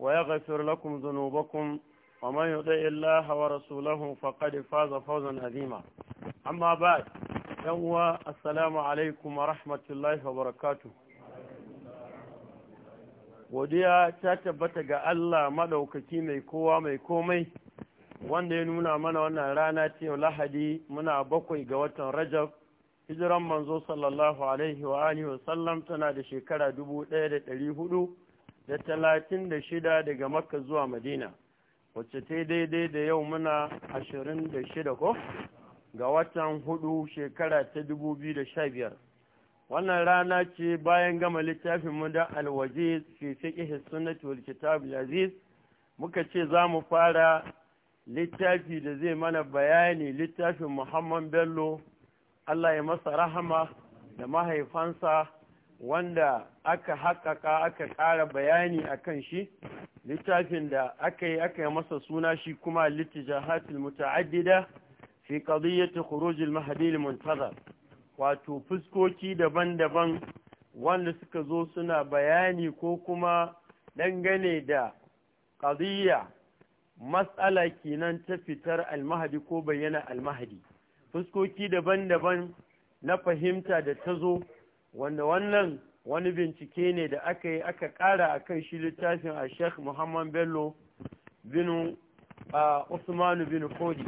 ويغفر لكم ذنوبكم ومن يطع الله ورسوله فقد فاز فوزا عظيما أما بعد يوم السلام عليكم ورحمة الله وبركاته godiya ta tabbata ga Allah maɗaukaki mai kowa mai komai wanda ya nuna mana wannan rana ce lahadi muna bakwai ga watan rajab hijiran manzo sallallahu alaihi wa sallam tana da shekara dubu ɗaya da ɗari hudu da talatin da shida daga makka zuwa madina wacce ta daidai da yau muna ashirin da shida ko ga watan hudu shekara ta dubu biyu da sha biyar wannan rana ce bayan gama littafin mu da alwaje fi fiƙi sunnati wal kitab aziz muka ce za mu fara littafi da zai mana bayani littafin muhammad bello Allah ya masa rahama da mahaifansa wanda aka haƙaƙa aka ƙara bayani a kan shi littafin da aka yi aka yi masa suna shi kuma littijahatul muta'addida fi qadiyyati khurujil mahdi muntazar wato fuskoki daban-daban wanda suka zo suna bayani ko kuma dangane da qadiyya mas'ala kenan ta fitar al-mahdi ko bayyana al-mahdi fuskoki daban-daban na fahimta da ta zo wanda wannan wani bincike ne da aka yi aka ƙara a kan shi littafin a sheikh muhammad bello binu a usmanu binu kodi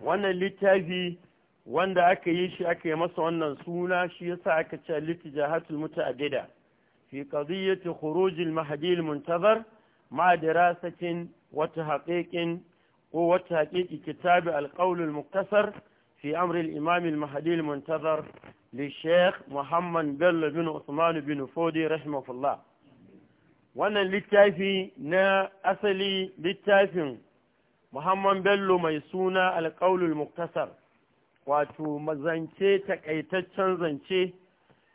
wannan littafi wanda aka yi shi aka yi masa wannan suna shi yasa aka ce littijahatul muta'addida fi qadiyyati khurujil mahdil muntazar ma dirasatin wata tahqiqin ko wata tahqiqi kitab al muktasar في أمر الإمام المهدي المنتظر للشيخ محمد بل بن عثمان بن فودي رحمه الله wannan littafi na asali littafin Muhammad Bello mai suna alƙaulul muktasar wato zance takaitaccen zance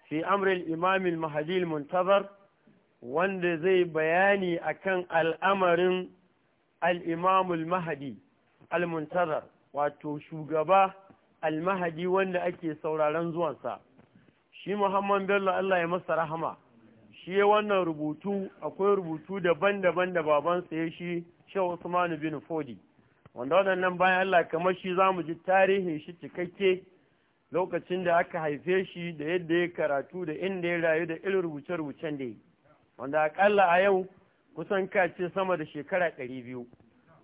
fi amril imamil mahadil muntazar wanda zai bayani akan al'amarin al'imamul mahadi al-muntazar wato shugaba almahadi wanda ake sauraron zuwansa shi muhammad bello allah ya masa rahama shi wannan rubutu akwai rubutu daban-daban da babansa ya shi shehu usmanu bin fodi wanda waɗannan bayan allah kamar shi za mu ji tarihin shi cikakke lokacin da aka haife shi da yadda ya karatu da inda ya rayu da irin rubuce-rubucen da ya wanda akalla a yau kusan kace sama da shekara ɗari biyu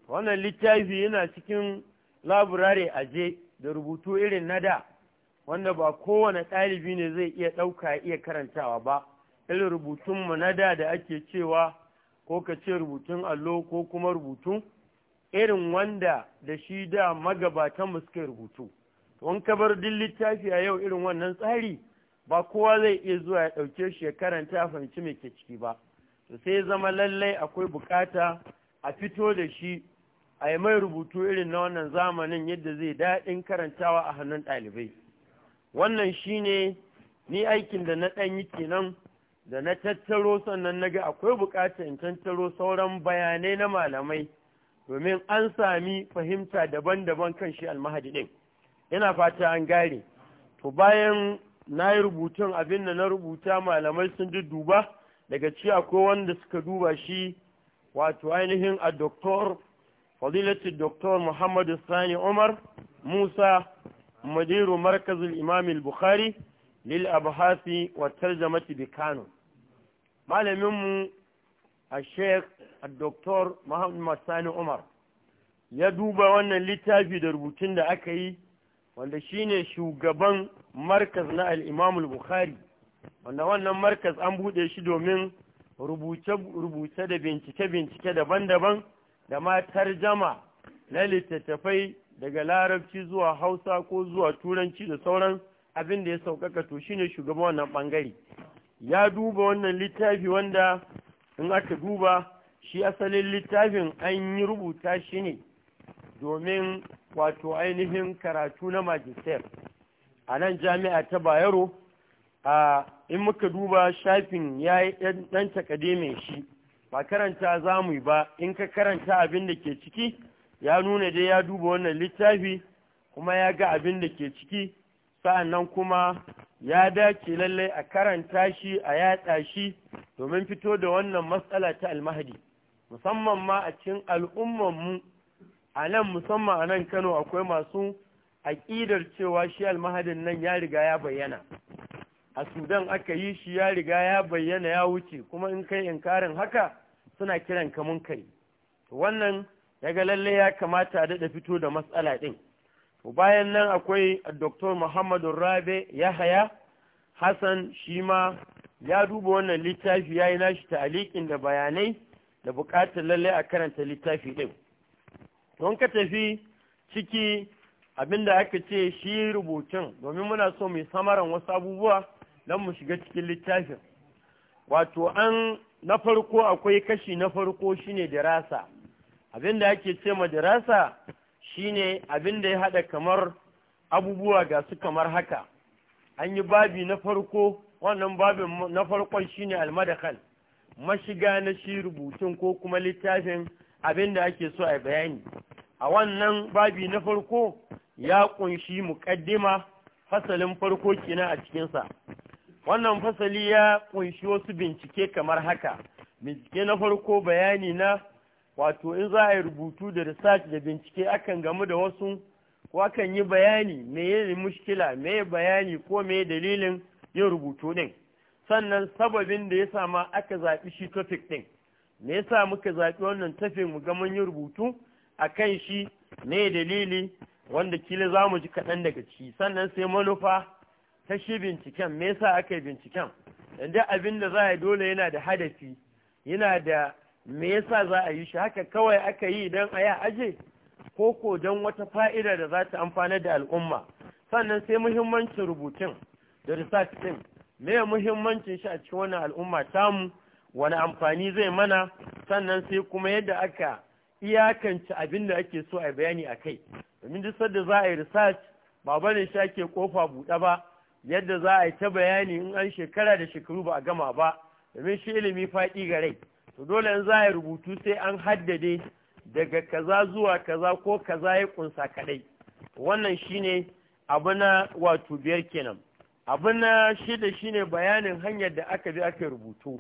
wannan littafi yana cikin laburare aje da rubutu irin na da wanda ba kowane ɗalibi ne zai iya ɗauka iya karantawa ba irin rubutunmu na da da ake cewa ko ka ce rubutun allo ko kuma rubutun? irin wanda da shi da mu suka rubutu wani kabar bar duk littafi a yau irin wannan tsari ba kowa zai iya zuwa ya ɗauke shi ya karanta a fahimci mai ke ciki ba sai zama lallai akwai bukata a fito da shi a yi mai rubutu irin na wannan zamanin yadda zai daɗin karantawa a hannun ɗalibai wannan shi ne ni aikin da na ɗanyi kenan da na tattaro sannan na ga akwai buƙatar in tattaro sauran bayanai na malamai domin an sami fahimta daban-daban kan shi almahadi ɗin ina fata an gare to bayan na yi rubutun abin da na rubuta malamai sun duba daga ci akwai wanda suka duba shi wato ainihin a doktor fadilatu Dr. Muhammadu Sani Umar Musa Madiru Markazul Imam Bukhari lil Abhasi wa tarjamati bi Kano Malaminmu a Sheikh Dr. Muhammad Sani Umar ya duba wannan littafi da rubutun da aka yi wanda shine shugaban markaz na al-Imam Bukhari wanda wannan markaz an buɗe shi domin rubuce-rubuce da bincike-bincike daban-daban da ma tarjama na littattafai daga larabci zuwa hausa ko zuwa turanci da sauran abin da ya sauƙaƙa to shine shugaban wannan ɓangare ya duba wannan littafi wanda in aka duba shi asalin littafin an yi rubuta shi ne domin wato ainihin karatu na majistar a nan jami'a ta bayero a in muka duba shafin ya yi ɗan takade shi ba karanta za mu yi ba in ka karanta abin da ke ciki ya nuna dai ya duba wannan littafi kuma ya ga abin da ke ciki sa'annan kuma ya dace lallai a karanta shi a yatsa shi domin fito da wannan matsala ta almahadi musamman ma a cikin al'ummanmu a nan musamman a nan kano akwai masu aƙidar cewa shi almahadin nan ya riga ya bayyana a sudan aka yi shi ya riga ya bayyana ya wuce kuma in kai inkarin haka suna kiran ka kai wannan ya ga lalle ya kamata a daɗa fito da matsala ɗin bayan nan akwai dr muhammadu rabe yahaya hassan shima ya duba wannan littafi ya yi nashi ta'aliƙin da bayanai da buƙatar lalle a karanta littafi ɗin don ka tafi ciki abinda aka ce shi rubutun domin muna so mai samaran wasu abubuwa don mu shiga cikin littafin wato an na farko akwai kashi na farko shine dirasa abinda ake ce ma dirasa shine abinda ya hada kamar abubuwa ga su kamar haka an yi babi na farko wannan babin na farkon shine almadakal mashiga na shi rubutun ko kuma littafin abinda ake so a bayani a wannan babi na farko ya kunshi muƙaddima fasalin farko kenan a cikinsa wannan fasali ya kunshi wasu bincike kamar haka bincike na farko bayani na wato in za a yi rubutu da research da bincike akan gamu da wasu ko akan yi bayani meye mushkila meye bayani ko meye dalilin yin rubutu din sannan sababin da ya sama aka zaɓi shi topic din me yasa muka zaɓi wannan tafin mu ga yin rubutu rubutu akan shi me dalili wanda kila za mu ji kaɗan daga ciki sannan sai manufa ta shi binciken me yasa aka yi binciken inda abin da za a yi dole yana da hadafi yana da me yasa za a yi shi haka kawai aka yi don a yi aje ko ko don wata fa'ida da za ta amfanar da al'umma sannan sai muhimmancin rubutun da research din me ya muhimmancin shi a cikin wannan al'umma tamu wani amfani zai mana sannan sai kuma yadda aka iyakance abin da ake so a bayani a kai domin duk sadda za a yi research ba bane shi ake kofa buɗe ba yadda za a yi ta bayani in an shekara da shekaru ba a gama ba domin shi ilimi faɗi ga rai to dole in za a yi rubutu sai an haddade daga kaza zuwa kaza ko kaza ya kunsa kaɗai wannan shine abu na wato biyar kenan abu na shida shine bayanin hanyar da aka bi aka rubutu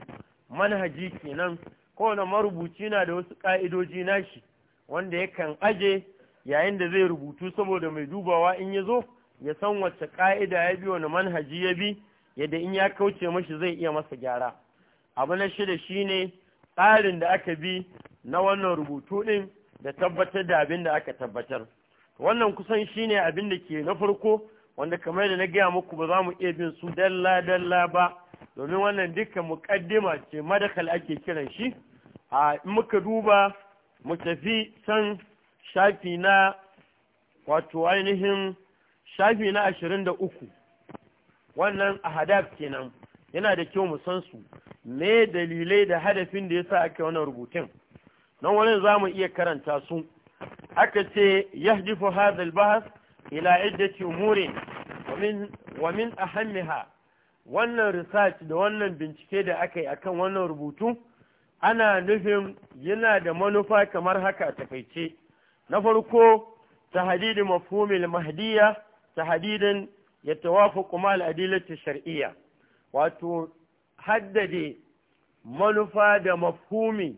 manhaji kenan kowane marubuci na da wasu ƙa'idoji nashi wanda yakan aje yayin da zai rubutu saboda mai dubawa in ya zo ya san wacce ƙa'ida ya bi wani manhaji ya bi yadda in ya kauce mashi zai iya masa gyara abu na shida shine tsarin da aka bi na wannan rubutu ɗin da tabbatar da abin da aka tabbatar wannan kusan shine abin da ke na farko wanda kamar da na gaya muku ba za mu iya bin su dalla dalla ba domin wannan dukkan muƙaddima ce madakal ake kiran shi a in muka duba mu tafi can shafi na wato ainihin shafi na ashirin da uku wannan ahadaf kenan yana da kyau mu san su me dalilai da hadafin da ya sa aka wannan rubutun nan wani za mu iya karanta su aka ce yahdifu hadha hadal bahas ila iddati umurin a ومن ha wannan research da wannan bincike da aka yi akan wannan rubutu ana nufin yana da manufa kamar haka a takaice na farko tahdidi mafhumil mahdiya sahadidan ya ma al shar'iyya wato haddade manufa da mafhumi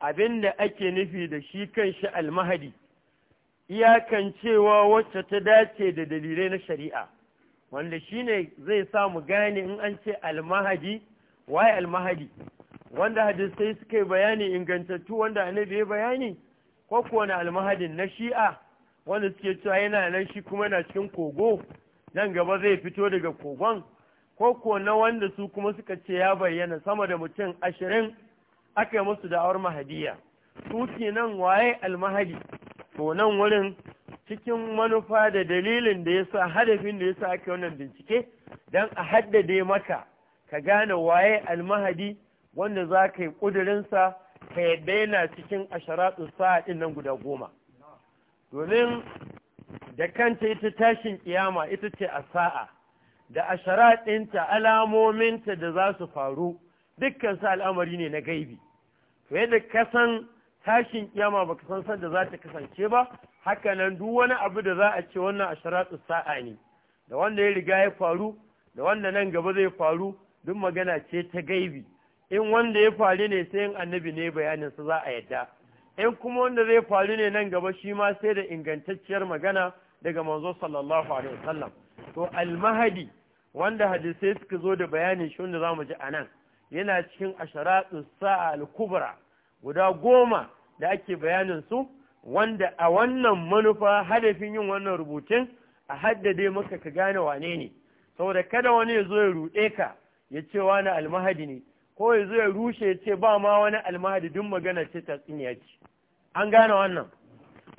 abinda ake nufi da shi kanshi al iyakan cewa wacce ta dace da dalilai na shari'a wanda shine zai sa mu gane in an ce al waye al mahadi wanda hadisai suka yi bayani ingantattu wanda annabi ya bayani ko kuwa na al na shi'a wanda suke cewa yana nan shi kuma yana cikin kogo nan gaba zai fito daga kogon ko ko na wanda su kuma suka ce ya bayyana sama da mutum ashirin aka yi musu da'awar mahadiya su ke nan waye almahadi to nan wurin cikin manufa da dalilin da ya sa hadafin da ya sa aka wannan bincike don a haddade maka ka gane waye almahadi wanda za ka yi ƙudurinsa ka yadda yana cikin asharatu sa'a nan guda goma domin da kanta ita tashin kiyama ita ce a sa'a da ashara ɗinta alamominta da za su faru dukkan su al'amari ne na gaibi to yadda kasan tashin kiyama baka san sanda za ta kasance ba haka nan duk wani abu da za a ce wannan ashara sa'a ne da wanda ya riga ya faru da wanda nan gaba zai faru duk magana ce ta gaibi in wanda ya faru ne sai in annabi ne bayanin sa za a yadda in kuma wanda zai faru ne nan gaba shi ma sai da ingantacciyar magana daga manzo sallallahu alaihi wasallam to almahadi wanda hadisai suka zo da bayanin shi wanda zamu ji anan yana cikin asharatu sa'a al-kubra guda goma da ake bayanin su wanda a wannan manufa hadafin yin wannan rubutun a haddade maka ka gane wane ne saboda kada wani ya zo ya ruɗe ka ya ce wani almahadi ne ko ya zo ya rushe ya ce ba ma wani almahadi duk magana ce ta tsiniya ce an gane wannan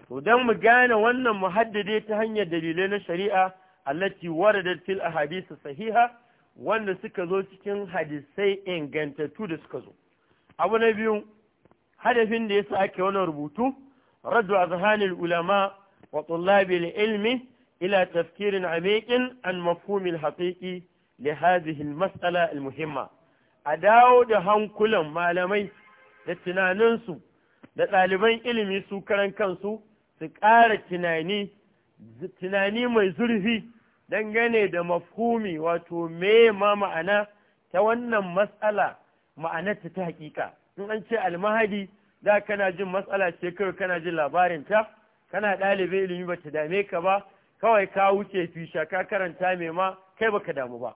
to mu gane wannan mu haddade ta hanyar dalilai na shari'a allati waradat fil ahadith sahiha wanda suka zo cikin hadisai ingantattu da suka zo abu na biyu hadafin da sa ake wannan rubutu raddu azhanil ulama wa tullabil ilmi ila tafkirin amekin an mafhumil haƙiƙi li hadhihi matsala al muhimma a dawo da hankulan malamai da tunaninsu da ɗaliban ilimi su karan kansu su ƙara tunani tunani mai zurfi dangane da mafhumi wato me ma ma'ana ta wannan matsala ma'anarta ta hakika in an ce almahadi da kana jin matsala ce kawai kana jin labarinta kana ɗalibai ilimi ba ta dame ka ba kawai ka wuce fisha ka karanta mai ma kai baka damu ba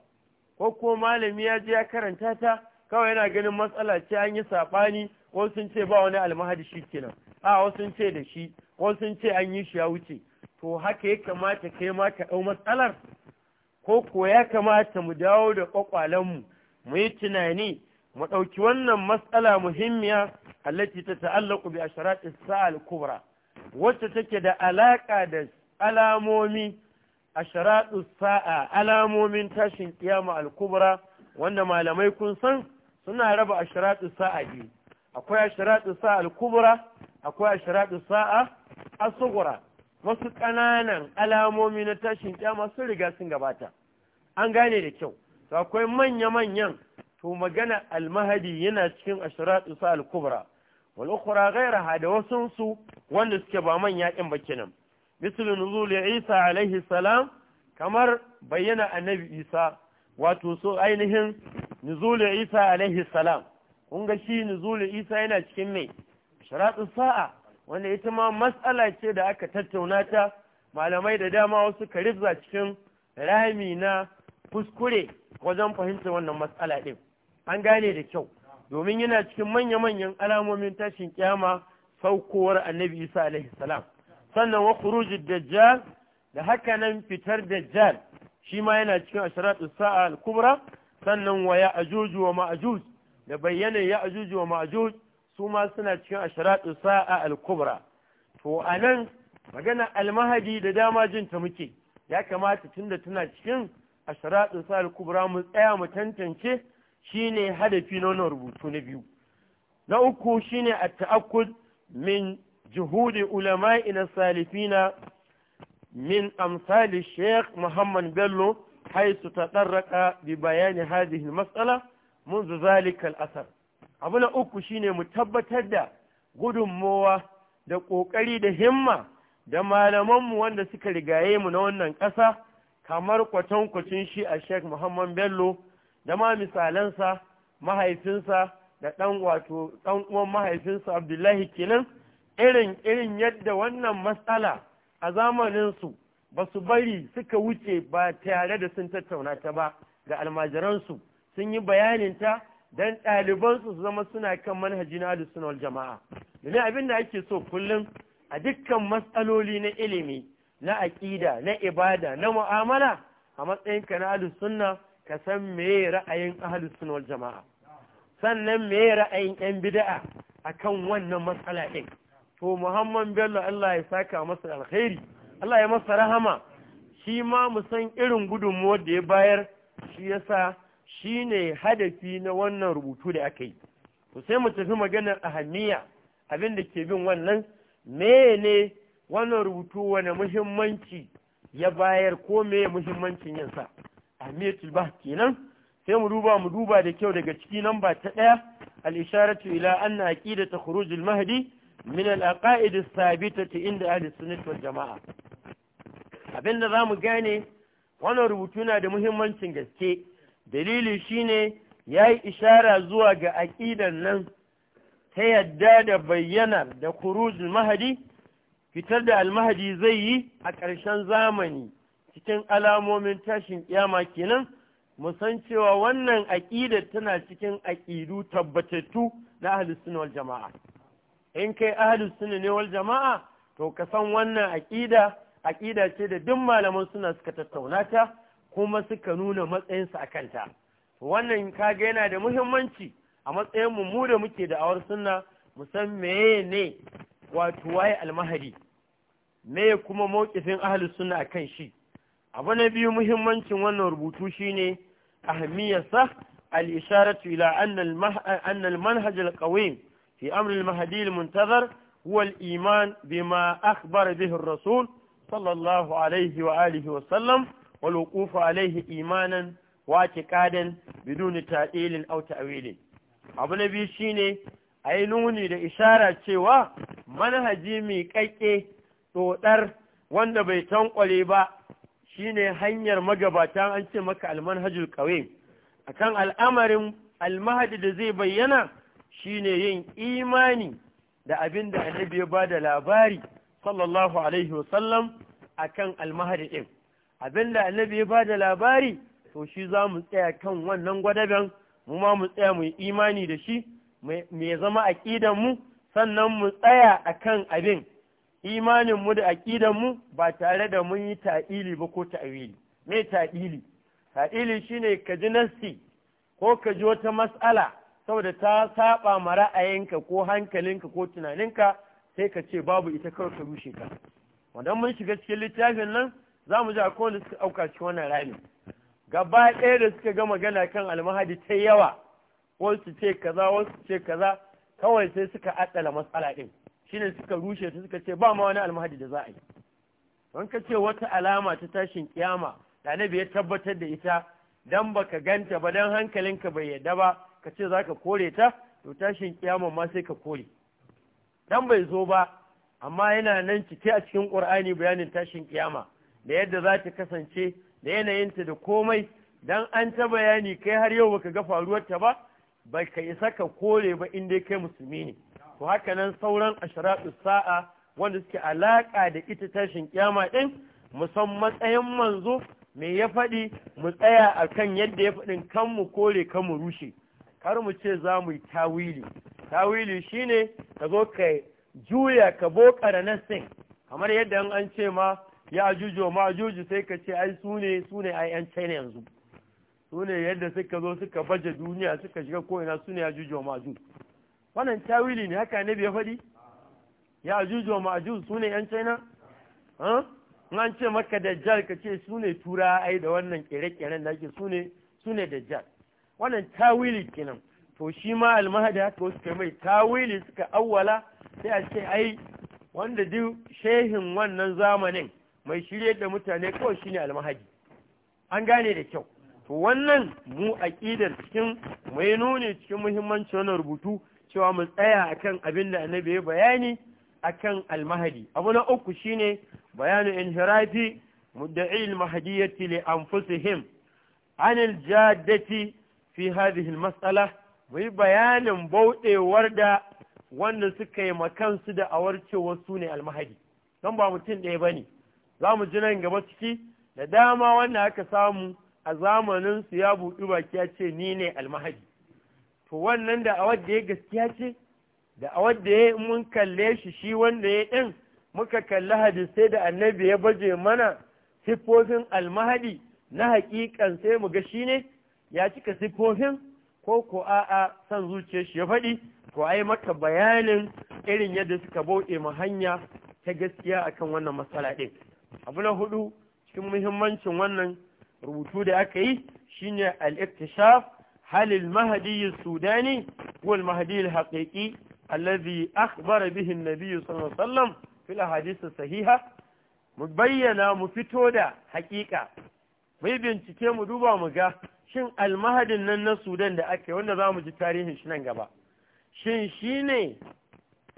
ko ko malami ya je ya karanta ta kawai yana ganin matsala ce an yi saɓani wasu sun ce ba wani almahadi shi kenan a wasu sun ce da shi wasu sun ce an yi shi ya wuce to haka ya kamata kai ma ka ɗau matsalar ko ko ya kamata mu dawo da ƙwaƙwalenmu mu yi tunani mu ɗauki wannan matsala muhimmiya allati ta ta'allaku bi asharati sa'al kubra wacce take da alaƙa da alamomi ashraɗu sa'a alamomin tashin kiyama al-kubra wanda malamai kun san suna raba ashraɗu sa'a biyu akwai ashraɗu sa'a al-kubra akwai ashraɗu sa'a asugura wasu ƙananan alamomi na tashin kiyama sun riga sun gabata an gane da kyau to akwai manya-manyan to magana al-mahdi yana cikin ashraɗu sa'a al-kubra wal ukhra ghayraha da wasunsu wanda suke ba manya ɗin bakinan mislu nuzul Isa alaihi salam kamar bayyana annabi Isa wato so ainihin nuzul Isa alaihi salam kun shi nuzul Isa yana cikin mai sharatun sa'a wanda ita ma matsala ce da aka tattauna ta malamai da dama wasu karibza cikin rami na kuskure wajen fahimtar wannan matsala ɗin an gane da kyau domin yana cikin manya-manyan alamomin tashin kyama saukowar annabi isa alaihi salam sannan wa khurujud dajjal da haka nan fitar dajjal shi ma yana cikin asharatu sa'a al-kubra sannan wa ya'juj wa ma'juj da bayyana ya'juj wa ma'juj su ma suna cikin asharatu sa'a al-kubra to anan magana al-mahdi da dama jin ta muke ya kamata tunda tana cikin asharatu sa'a al-kubra mu tsaya mu tantance shine hadafi na rubutu na biyu na uku shine at-ta'akkud min جهود علمائنا السالفين من أمثال الشيخ محمد بلو حيث تطرق ببيان هذه المسألة منذ ذلك asar abu na uku shine mu tabbatar da ƙoƙari da himma da malamanmu wanda suka rigaye mu na wannan ƙasa kamar kwatankwacin shi a sheikh muhammad bello da ma misalansa mahaifinsa da ɗan uwan mahaifinsa abdullahi kenan irin irin yadda wannan matsala a zamaninsu ba su bari suka wuce ba tare da sun tattauna ta ba ga almajiransu sun yi bayaninta don ɗalibansu su zama suna kan manhaji na suna jama'a domin abin da ake so kullum a dukkan matsaloli na ilimi na aƙida na ibada na mu'amala a matsayinka na ahlus ka san meye ra'ayin ahlus jama'a sannan meye ra'ayin yan bida'a a kan wannan matsala ɗin to muhamman bello allah ya saka masa alkhairi allah ya masa rahama shi ma mu san irin gudunmuwar da ya bayar shi yasa shi ne hadafi na wannan rubutu da aka yi sai mu tafi maganar ahamiya abin da ke bin wannan mene wannan rubutu wani muhimmanci ya bayar ko me muhimmancin yansa ahmiyatul bah kenan sai mu duba mu duba da kyau daga ciki namba ta ɗaya al-isharatu ila anna aqidatu khurujul mahdi min al-aqaid as-sabitati inda ahli sunnah wal jama'a abinda zamu gane wannan rubutu na da muhimmancin gaske dalili shine yayi ishara zuwa ga aƙidar nan ta yadda da bayyana da kurujul mahadi fitar da almahadi zai yi a ƙarshen zamani cikin alamomin tashin kiyama kenan mu san cewa wannan aƙida tana cikin aƙidu tabbatattu na ahlus sunna jama'a in kai ahalus suna ne wal jama'a to ka san wannan aƙida aƙida ce da duk malaman suna suka tattauna ta kuma suka nuna matsayinsu a kanta wannan kaga yana da muhimmanci a matsayin mu mu da muke da awar sunna mu san meye ne wato waye almahadi me kuma mawkifin ahlus suna akan shi abu na biyu muhimmancin wannan rubutu shine ahmiyarsa al-isharatu ila anna al-manhaj al-qawim في أمر المهدي المنتظر هو الإيمان بما أخبر به الرسول صلى الله عليه وآله وسلم والوقوف عليه إيمانا واعتقادا بدون تأويل أو تأويل abu na biyu shine a yi nuni da ishara cewa manhaji mai ɗoɗar wanda bai tankwale ba shine hanyar magabata an ce maka almanhajul kawai akan al'amarin almahadi da zai bayyana Shi ne yin imani da abin da annabi ya ba da labari sallallahu alaihi wasallam akan almahadi din abin da annabi ya ba da labari to shi za mu tsaya kan wannan gwadaben mu ma mu tsaya mu yi imani da shi mai zama aƙidan mu sannan mu tsaya akan abin imanin mu da aƙidan mu ba tare da mun yi ta'ili ba ko ta'wili me ta'ili ta'ili shine ka ji nassi ko ka ji wata mas'ala saboda ta saba ma ra'ayinka ko hankalinka ko tunaninka sai ka ce babu ita kawai ka rushe ka wannan mun shiga cikin littafin nan za mu ji a kowane suka auka cikin wannan rami gaba ɗaya da suka ga magana kan almahadi ta yawa wasu ce kaza wasu ce kaza kawai sai suka atsala matsala ɗin shine suka rushe ta suka ce ba ma wani almahadi da za a yi don ka ce wata alama ta tashin kiyama da ya tabbatar da ita dan baka ganta ba dan hankalinka bai yarda ba ka ce za ka kore ta to tashin kiyama ma sai ka kore dan bai zo ba amma yana nan cike a cikin ƙur'ani bayanin tashin kiyama da yadda za ta kasance da yanayinta da komai dan an ta bayani kai har yau baka ga faruwarta ba ba ka isa ka kore ba in dai kai musulmi ne ko haka nan sauran ashratu sa'a wanda suke alaka da ita tashin kiyama din musamman matsayin manzo me ya faɗi mu tsaya a kan yadda ya faɗin kan mu kore kan mu rushe har mu ce za mu yi tawili tawili shine ka zo ka juya ka bokara nassin kamar yadda an ce ma ya ajuju ma ajuju sai ka ce ai su ne su ne ai yan china yanzu su ne yadda suka zo suka baje duniya suka shiga ko'ina su ne ya juju ma ajuju wannan tawili ne haka ne bai faɗi ya ajuju ma ajuju su ne yan china an ce maka dajjal ka ce su ne tura ai da wannan kere-keren da ake su ne su ne dajjal wannan tawili kenan to shi ma almahada wasu suka mai tawili suka awwala sai a ce ai wanda duk shehin wannan zamanin mai shirye da mutane kawai shine almahadi an gane da kyau to wannan mu aqidar cikin mai nuni cikin muhimmanci wannan rubutu cewa mu tsaya akan abin da annabi ya bayani akan almahadi abu na uku shine bayanu inhirafi mudda'i almahdiyyati li anfusihim an jaddati fi hadihi mas'ala mu yi bayanin bauɗewar da wanda suka yi makansu da awarce wasu ne almahadi don ba mutum ɗaya ba ne za mu ji nan gaba ciki da dama wannan aka samu a zamanin su ya buɗi baki ya ce ni ne almahadi to wannan da awar da ya gaskiya ce da awar da ya mun kalle shi shi wanda ya ɗin muka kalli hadisai da annabi ya baje mana siffofin almahadi na haƙiƙan sai mu ga shi ne ya cika siffofin ko ko a'a san zuciyar shi ya faɗi ko ai maka bayanin irin yadda suka bauɗe ma hanya ta gaskiya akan wannan matsala ɗin abu na hudu cikin muhimmancin wannan rubutu da aka yi shine al-iktishaf hal al-mahdi sudani wal mahdi al-haqiqi alladhi akhbara bihi an-nabi sallallahu alaihi wasallam fil ahadith sahiha mu bayyana mu fito da haƙiƙa mu bincike mu duba mu ga shin almahadin nan na sudan da ake wanda za mu ji tarihin shi nan gaba shin shi ne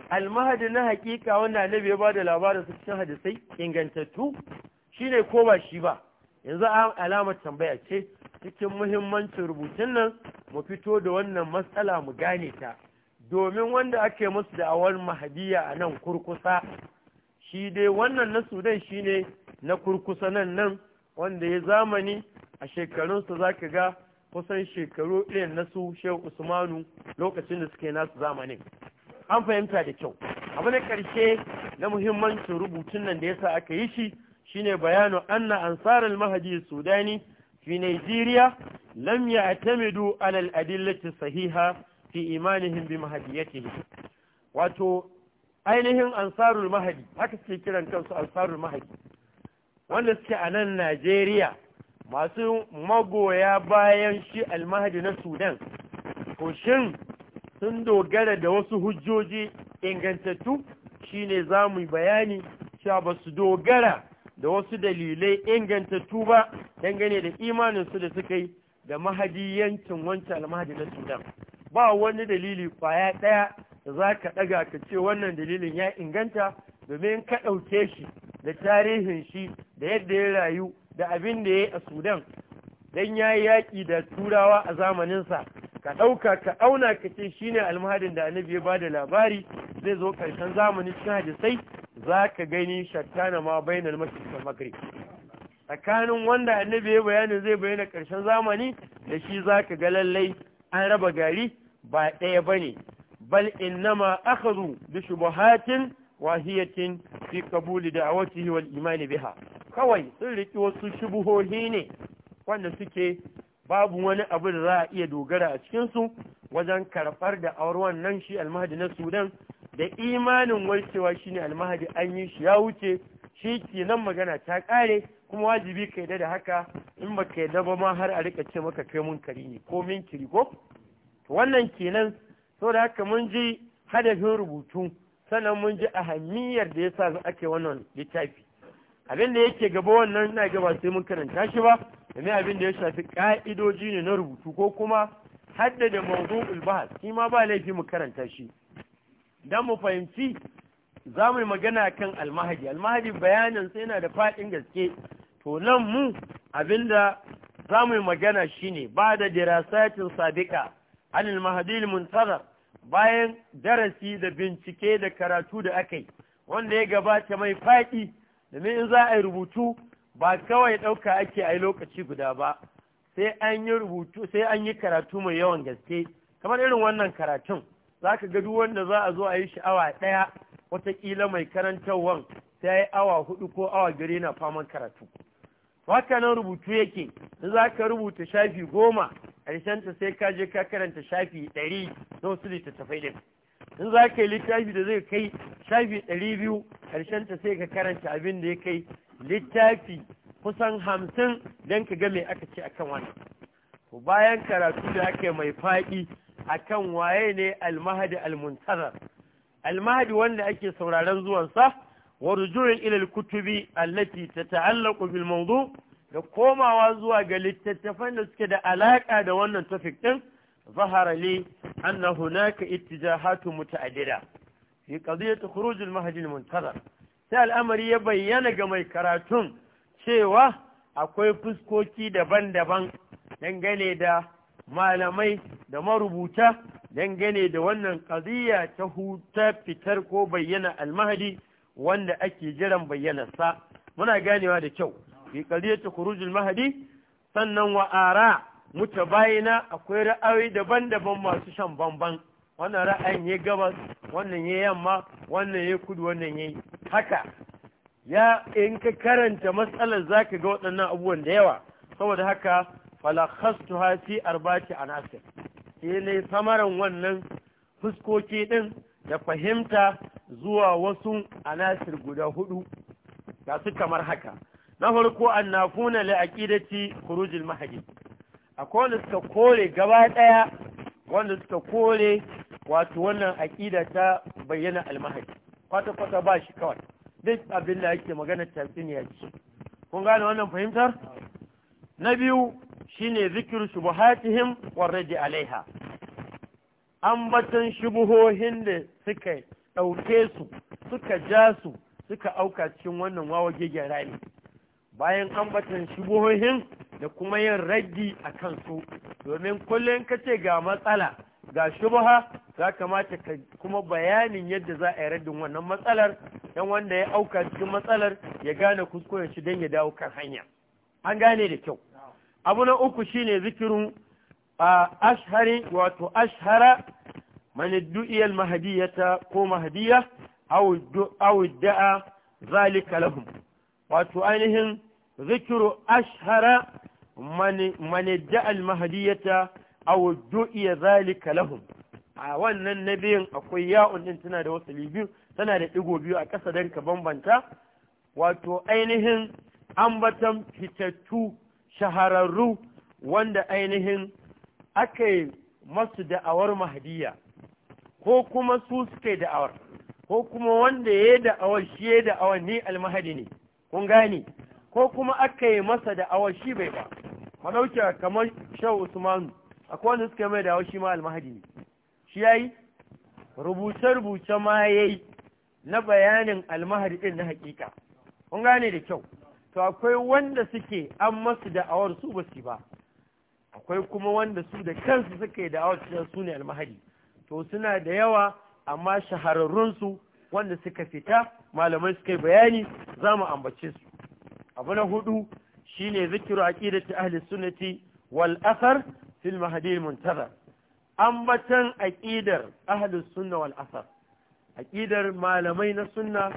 almahadin na hakika wanda annabi ya ba da labarin su cikin hadisai ingantattu shi ne ko ba shi ba yanzu an alamar tambaya ce cikin muhimmancin rubutun nan mu fito da wannan matsala mu gane ta domin wanda ake musu da awar mahadiya a nan kurkusa shi dai wannan na sudan shi ne na kurkusa nan nan wanda ya zamani a shekarunsa za ka ga kusan shekaru ɗin na su shehu usmanu lokacin da suke nasu zamanin an fahimta da kyau abu na ƙarshe na muhimmancin rubutun nan da yasa aka yi shi shine bayanu anna ansarar mahadi sudani fi nigeria lamya ya'tamidu ala alal adillati sahiha fi imanihim bi mahadiyatihi wato ainihin ansarul mahadi haka suke kiran kansu ansarul mahadi wanda suke a nan Najeriya masu magoya bayan shi almahadi na sudan ko sun dogara da wasu hujjoji ingantattu shine za mu bayani cewa ba su dogara da wasu dalilai ingantattu ba dangane da imaninsu da suka yi da mahadiyancin wancan almahadi na sudan ba wani dalili kwaya ɗaya da za ka ɗaga ka ce wannan dalilin ya inganta domin ka ɗauke shi da tarihin shi da yadda ya rayu da abin da ya yi a sudan dan ya yi yaƙi da turawa a zamaninsa ka ɗauka ka auna ka ce shi ne almahadin da annabi ya ba da labari zai zo karshen zamani cikin hadisai za ka gani shattana ma bainal makare tsakanin wanda annabi ya bayanin zai bayyana karshen zamani da shi za ka ga lallai an raba gari ba ɗaya ba ne bal innama akhadhu bi shubuhatin wahiyatin fi kabuli da awatihi wal imani biha kawai sun riki wasu shubuhohi ne wanda suke babu wani abu da za a iya dogara a cikinsu wajen karɓar da awar wannan shi almahadi na sudan da imanin warcewa shi ne almahadi an yi shi ya wuce shi ke nan magana ta ƙare kuma wajibi ka yadda da haka in ba ka yadda ba ma har a rika ce maka kai mun kari ne ko min kiri ko wannan kenan saboda haka mun ji hadafin rubutu sannan mun ji ahammiyar da yasa za ake wannan littafi abin da yake gaba wannan ina gaba sai mun karanta shi ba domin abin da ya shafi ka'idoji ne na rubutu ko kuma haddada mawdu'ul bahas shi ma ba laifi mu karanta shi dan mu fahimci za mu magana kan almahadi almahadi bayanin sai yana da faɗin gaske to nan mu abinda za mu magana shine ba da dirasatin sadiƙa an almahadi mun muntazar bayan darasi da bincike da karatu da aka yi wanda ya gabata mai faɗi domin in za a yi rubutu ba kawai ɗauka ake a yi lokaci guda ba sai an yi rubutu sai an yi karatu mai yawan gaske kamar irin wannan karatun za ka ga duk wanda za a zo a yi shi awa ɗaya watakila mai karantarwan sai yi awa hudu ko awa gari na faman karatu haka nan rubutu yake in za ka rubuta shafi goma ta sai ka je ka karanta shafi ɗari na wasu littattafai ɗin in za ka yi littafi da zai kai shafi ɗari biyu ta sai ka karanta abin da ya kai littafi kusan hamsin don ka ga mai aka ce akan wannan to bayan karatu da aka mai faɗi akan waye ne almahadi almuntazar almahadi wanda ake sauraron zuwansa ورجوع kutubi الكتب ta تتعلق بالموضوع da komawa zuwa ga littattafan da suke da alaƙa da wannan tafik ɗin zahara li anna hunaka ittijahatu muta'addida fi qadiyat khuruj al-mahdi al-muntazar sai al'amari ya bayyana ga mai karatun cewa akwai fuskoki daban-daban dangane da malamai da marubuta dangane da wannan qadiya ta huta fitar ko bayyana al-mahdi wanda ake jiran bayyanarsa muna ganewa da kyau fi ta khurujul mahdi sannan wa ara mutabayina akwai ra'ayi daban-daban masu shan bamban wannan ra'ayin ya gabas wannan ya yamma wannan ya kudu wannan ya haka ya in ka karanta matsalar zaka ga waɗannan abubuwan da yawa saboda haka falakhastu hasi arbati anasir sai ne samaran wannan fuskoki din da fahimta zuwa wasu anasir guda hudu ga su kamar haka na farko annafuna li aqidati khurujil mahdi akwai wanda suka kore gaba daya wanda suka kore wato wannan aqida ta bayyana al-mahdi kwata kwata ba shi kawai duk abin da yake magana tafsiriya ce kun gane wannan fahimtar na biyu shine zikir shubuhatihim warradi raji alaiha ambatan shubuhohin da suka ɗauke su suka ja su suka auka cikin wannan wawa gege rami bayan ambatan shubuhohin da kuma yin raddi a kan su domin kullum ka ce ga matsala ga shubuha za kamata ka kuma bayanin yadda za a yi raddin wannan matsalar dan wanda ya auka cikin matsalar ya gane kuskuren shi don ya dawo kan hanya an gane da kyau abu na uku shine zikirin a ashari wato ashara man du'iyal mahdiyata ko mahdiya aw da'a zalika lahum wato ainihin zikru ashhara man man da'a al mahdiyata aw du'iya zalika lahum a wannan na nabiyin akwai ya'un ɗin tana da wasali biyu tana da digo biyu a ƙasa dan ka bambanta wato ainihin ambatan fitattu shahararru wanda ainihin akayi masu da'awar mahdiya ko kuma su suka yi da'awar ko kuma wanda ya yi da'awar shi ya yi da'awar ni almahadi ne kun gani ko kuma aka yi masa da'awar shi bai ba madauke kamar shau usmanu akwai wanda suka yi mai da'awar shi ma almahadi ne shi ya yi rubuce-rubuce ma ya yi na bayanin almahadi din na hakika kun gane da kyau to akwai wanda suke an masu da'awar su ba su ba akwai kuma wanda su da kansu suka yi da'awar su ne almahadi to suna da yawa amma shahararrunsu wanda suka fita malamai suka yi bayani za mu ambace su abu na hudu shine zikiru aqidati ahli sunnati wal asar fil mahdi muntaza ambatan aqidar ahli sunna wal asar aqidar malamai na sunna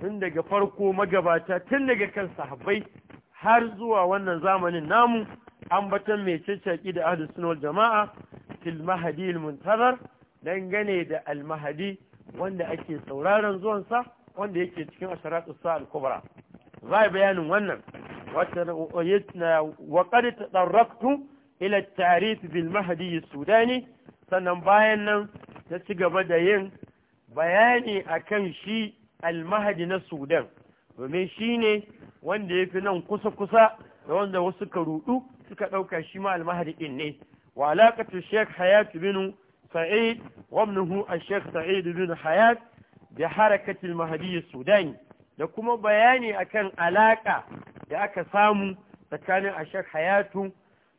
tun daga farko magabata tun daga kan sahabbai har zuwa wannan zamanin namu ambatan mecece aqida ahli sunna wal jama'a fil mahadi muntazar dangane da almahadi wanda ake sauraron zuwansa wanda yake cikin asharatu sa'al kubra zai bayanin wannan wa qad tadarraktu ila at-ta'rif bil mahdi sudani sannan bayan nan ta ci gaba da yin bayani akan shi almahadi na sudan domin shi ne wanda yafi nan kusa kusa da wanda wasu ka rudu suka dauka shi ma almahadi mahdi din ne وعلاقة الشيخ حياة بن سعيد وابنه الشيخ سعيد بن حياة بحركة المهدي السوداني لكم بياني أكن علاقة بأك سامو فكان الشيخ حياة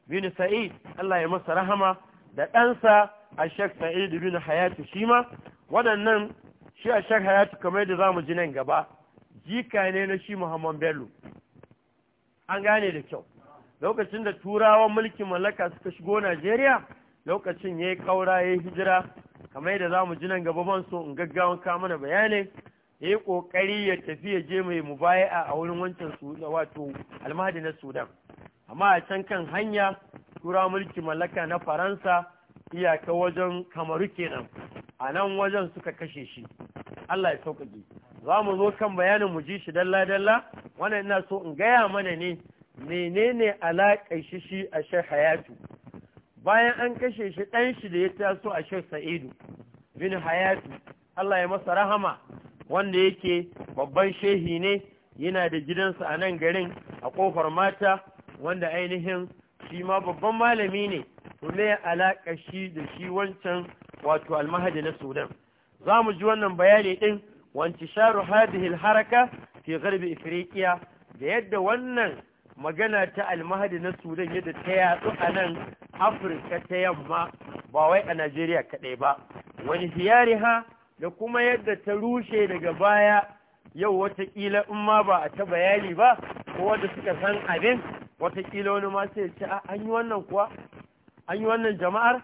بن سعيد الله يمس رحمة da ɗansa a Sheikh Sa'id bin Hayatu shi ma waɗannan shi a Sheikh Hayatu kamar da za mu ji nan gaba jika ne na shi Muhammad Bello an gane da kyau lokacin da turawan mulkin mallaka suka shigo Najeriya lokacin ya yi ƙaura ya yi hijira kamar yadda za mu ji nan gaba ban so in gaggawan ka mana bayanai ya yi ƙoƙari ya tafi ya je mai mubaya'a a wurin wancan wato almahadi na sudan amma a can kan hanya turawan mulkin mallaka na faransa iyaka wajen kamaru kenan a nan wajen suka kashe shi allah ya sauƙaƙe za mu zo kan bayanin mu ji shi dalla-dalla wannan ina so in gaya mana ne menene alaƙar shi shi a shi hayatu bayan an kashe shi ɗan shi da ya taso a shi sa'idu bin hayatu Allah ya masa rahama wanda yake babban shehi ne yana da gidansa a nan garin a ƙofar mata wanda ainihin shi ma babban malami ne kuma ya alaƙa shi da shi wancan wato almahadi na sudan za mu ji wannan bayani ɗin wanci sharu hadihil haraka fi garbi ifirikiya da yadda wannan magana ta almahadi na sudan yadda ta yatsu a nan afirka ta yamma ba wai a najeriya kaɗai ba wani hiyari ha da kuma yadda ta rushe daga baya yau watakila in ma ba a ta bayani ba ko wanda suka san abin watakila wani ma sai ce an yi wannan kuwa an yi wannan jama'ar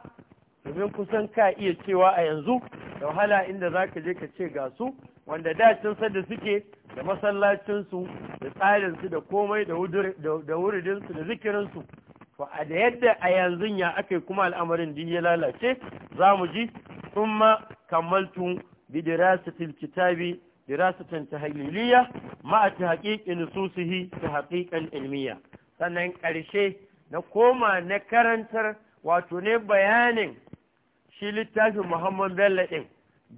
domin kusan ka iya cewa a yanzu da wahala inda za ka je ka ce ga su wanda da can da suke da masallacinsu da tsarinsu da komai da wuridinsu da zikirinsu fa da yadda a yanzu ya aka kuma al'amarin din ya lalace za mu ji ma kammaltu bi dirasatil kitabi dirasatan tahliliya ma ta haqiqi susuhi ta haqiqan ilmiya sannan ƙarshe na koma na karantar wato ne bayanin shi littafin Muhammad Bello din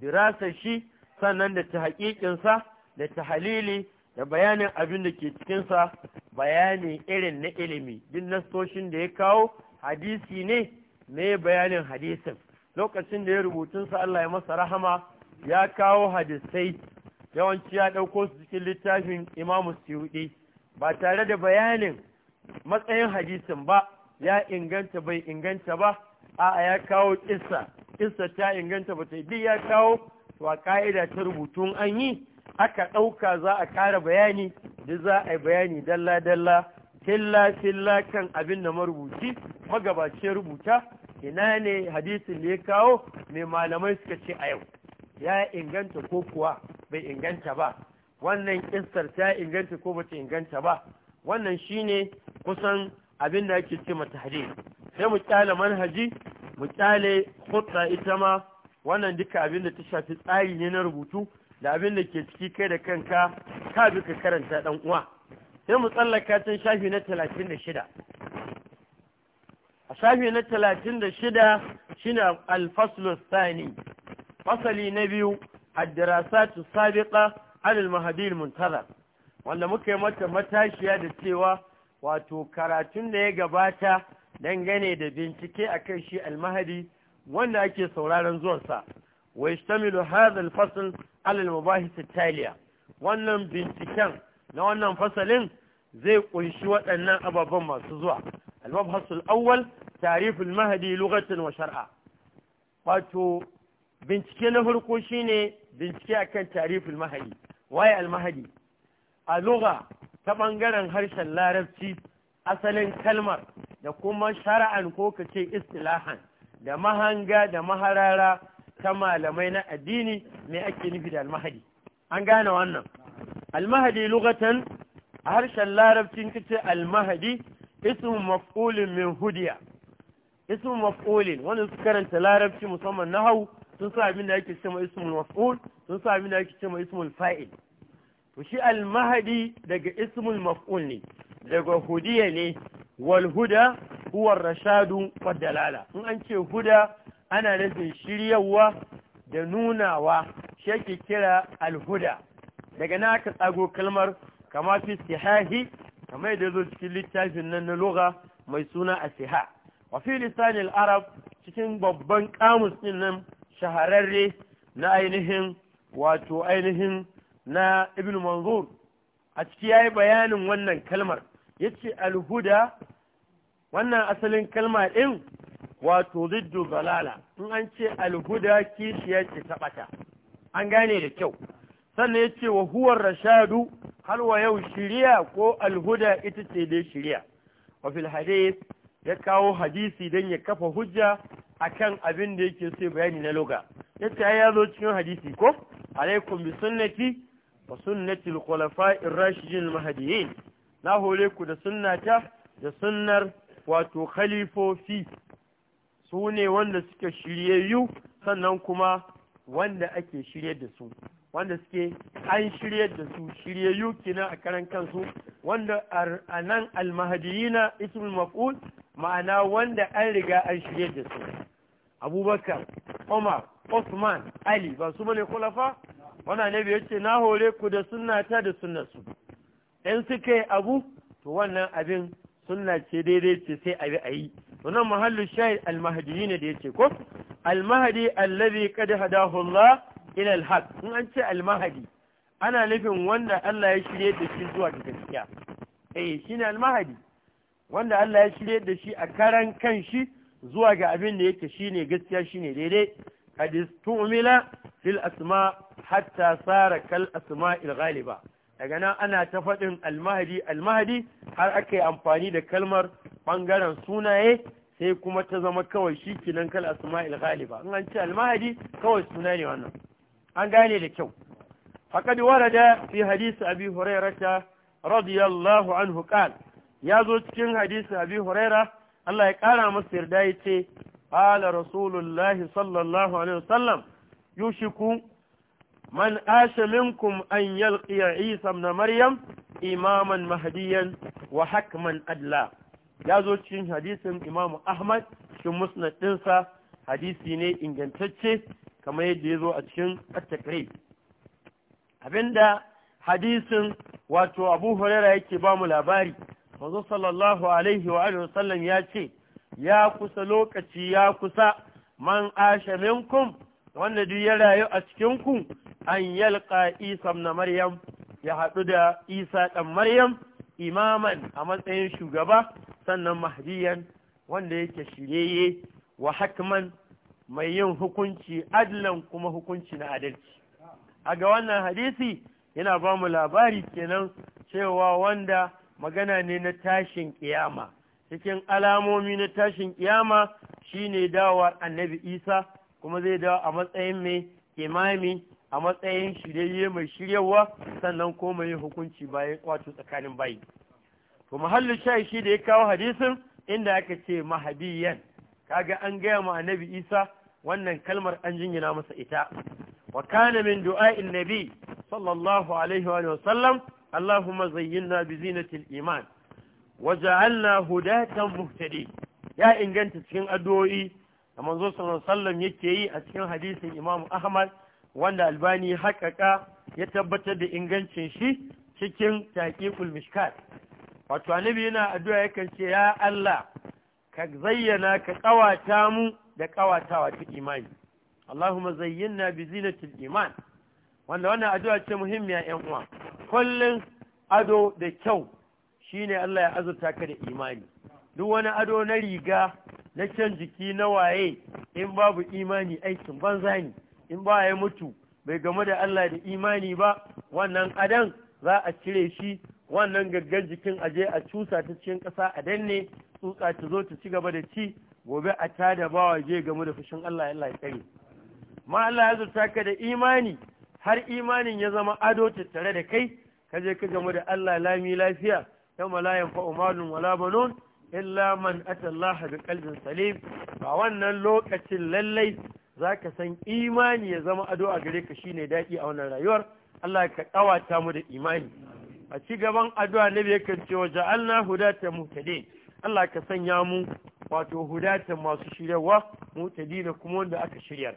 dirasar shi sannan da ta haƙiƙinsa da tahalili da bayanin abin da ke cikinsa bayani irin na ilimi din nasoshin da ya kawo hadisi ne me bayanin hadisin lokacin da ya rubutunsa Allah ya masa rahama ya kawo hadisai yawanci ya ɗauko su cikin littafin imamu siyuɗi ba tare da bayanin matsayin hadisin ba ya inganta bai inganta ba a ya kawo kissa kissa ta inganta ba ta ya kawo wa a ka'ida ta rubutun an yi aka ɗauka za a ƙara bayani da za a yi bayani dalla-dalla filla-filla kan abin da marubuci magabacin rubuta ina ne hadisin da ya kawo mai malamai suka ce a yau ya inganta ko kuwa bai inganta ba wannan kistar ta inganta ko bata inganta ba wannan shine kusan abin da ake ce mata hadi sai mu kyale manhaji mu kyale hutsa ita ma wannan duka abin da ta shafi tsari ne na rubutu da abin da ke ciki kai da kanka ka bi ka karanta ɗan uwa sai mu tsallaka can shafi na talatin da shida. a shafi na talatin da shida shi na faslu Sani, fasali na biyu ad tu sabiƙa an al muntazar wanda muka yi mata matashiya da cewa wato karatun da ya gabata dangane da bincike akan shi almahadi, wanda ake sauraron zuwansa wa istamilu hadha al alal mubahis taliya wannan binciken na wannan fasalin zai kunshi waɗannan ababen masu zuwa al-mabhasul awwal tarif mahdi lughatan wa shar'a wato bincike na farko shine bincike akan tarif mahadi mahdi waye al-mahdi a lugha ta bangaren harshen larabci asalin kalmar da kuma shar'an ko kace istilahan da mahanga da maharara ta malamai na addini mai ake nufi da almahadi an gane wannan almahadi lugatan a harshen larabcin kace almahadi ismu maf'ulin min hudiya ismu maf'ulin wanda su karanta larabci musamman hau sun sa abin da yake cewa ismul maf'ul sun sa abin da yake cewa ismul fa'il to shi almahadi daga ismul maf'ul ne daga hudiya ne wal huda huwa rashadu wa dalala in an ce huda ana nufin shiryawa da nunawa shi yake kira alhuda daga na aka tsago kalmar kama fi sihahi kamar yadda zo cikin littafin nan na lugha mai suna asiha. siha wa fi lisanin arab cikin babban kamus din nan shahararre na ainihin wato ainihin na ibn manzur a ciki yayi bayanin wannan kalmar yace alhuda wannan asalin kalma din wato ziddu balala in an ce alhuda kishiya ce tabata an gane da kyau sannan ya ce wa huwar rashadu har wa yau shirya ko alhuda ita ce dai shiriya wa fil hadith ya kawo hadisi don ya kafa hujja akan abin da yake so bayani na loga yace ai ya zo cikin hadisi ko alaikum bi sunnati wa sunnati al-khulafa'ir rashidin al-mahdiyyin na hore da sunnata da sunnar wato khalifofi su ne wanda suke yu sannan kuma wanda ake shirye da su wanda suke an shirye da su yu kina a karan kansu wanda a nan almahadiyina ismul maf'ul ma'ana wanda an riga an shirye da su abubakar omar Osman Ali ba su bane kulafa wani annabi yace ce na hore ku da sunnata da sunnarsu su suka yi abu to wannan abin sunna ce daidai ce sai a bi a yi wannan mahallu shahid almahadi ne da yace ko almahdi allazi qad hadahu Allah ila alhaq in an ce almahdi ana nufin wanda Allah ya shirye da shi zuwa ga gaskiya eh shine almahdi wanda Allah ya shirye da shi a karan kan shi zuwa ga abin da yake shine gaskiya shine daidai hadis tu'mila fil asma hatta sara kal asma'il ghaliba daga nan ana ta faɗin almahdi almahdi har aka yi amfani da kalmar ɓangaren sunaye sai kuma ta zama kawai shi kinan kal asma'il ghaliba in an ce almahadi kawai suna ne wannan an gane da kyau faqad warada fi hadisi abi hurairata radiyallahu anhu qal ya zo cikin hadisi abi huraira Allah ya kara masa yarda yace qala rasulullahi sallallahu alaihi wasallam yushiku man asha minkum an yalqiya isa ibn maryam imaman mahdiyan wa hakman adla ya zo cikin hadisin imam ahmad cikin musnad ɗinsa hadisi ne ingantacce kamar yadda ya zo a cikin at abinda hadisin wato abu huraira yake ba mu labari manzo sallallahu alaihi wa alihi wasallam ya ce ya kusa lokaci ya kusa man asha minkum wanda duk ya rayu a cikin ku an yalqa isa na maryam ya haɗu da isa ɗan maryam imaman a matsayin shugaba sannan mahdiyan wanda yake shirye wa hakman mai yin hukunci adlan kuma hukunci na adalci a ga wannan hadisi yana ba mu labari kenan cewa wanda magana ne na tashin kiyama cikin alamomi na tashin kiyama shine dawa annabi isa kuma zai dawo a matsayin mai imami a matsayin shiryayye mai shiryarwa sannan ko mai hukunci bayan wato tsakanin bayi to mahallin shayi shi da ya kawo hadisin inda aka ce mahabiyan kaga an gaya ma annabi isa wannan kalmar an jingina masa ita wa kana min du'a'in nabi sallallahu alaihi wa sallam allahumma zayyinna bi zinatil iman wa ja'alna hudatan muhtadi ya inganta cikin addu'o'i da manzo sallallahu alaihi yake yi a cikin hadisin imam ahmad wanda albani haƙaƙa ya tabbatar da ingancin shi cikin taƙiƙul mishkat wato annabi yana addu'a yakan ce ya Allah ka zayyana ka ƙawata mu da ƙawatawa ta imani Allahumma zayyinna bi zinatil iman wanda wannan addu'a ce muhimmiya ƴan uwa kullun ado da kyau shine Allah ya azurta ka da imani duk wani ado na riga na can jiki na waye in babu imani aikin banza ne in ba ya mutu bai game da Allah da imani ba wannan adan za a cire shi wannan gaggan jikin aje a cusa ta cikin ƙasa a danne tsutsa ta zo ta ci gaba da ci gobe a da bawa je game da fushin Allah Allah ya ma Allah ya zurta ka da imani har imanin ya zama ado tattare da kai ka je ka gamu da Allah lami lafiya ta la yanfa'u umalun wala banun illa man atallaha bi qalbin salim ba wannan lokacin lallai za ka san imani ya zama ado a gare ka shine daɗi a wannan rayuwar Allah ka ƙawata mu da imani a ci gaban addu'a nabi yakan ce wa ja'alna hudatan mutane. Allah ka sanya mu wato hudatan masu shiryarwa da kuma wanda aka shiryar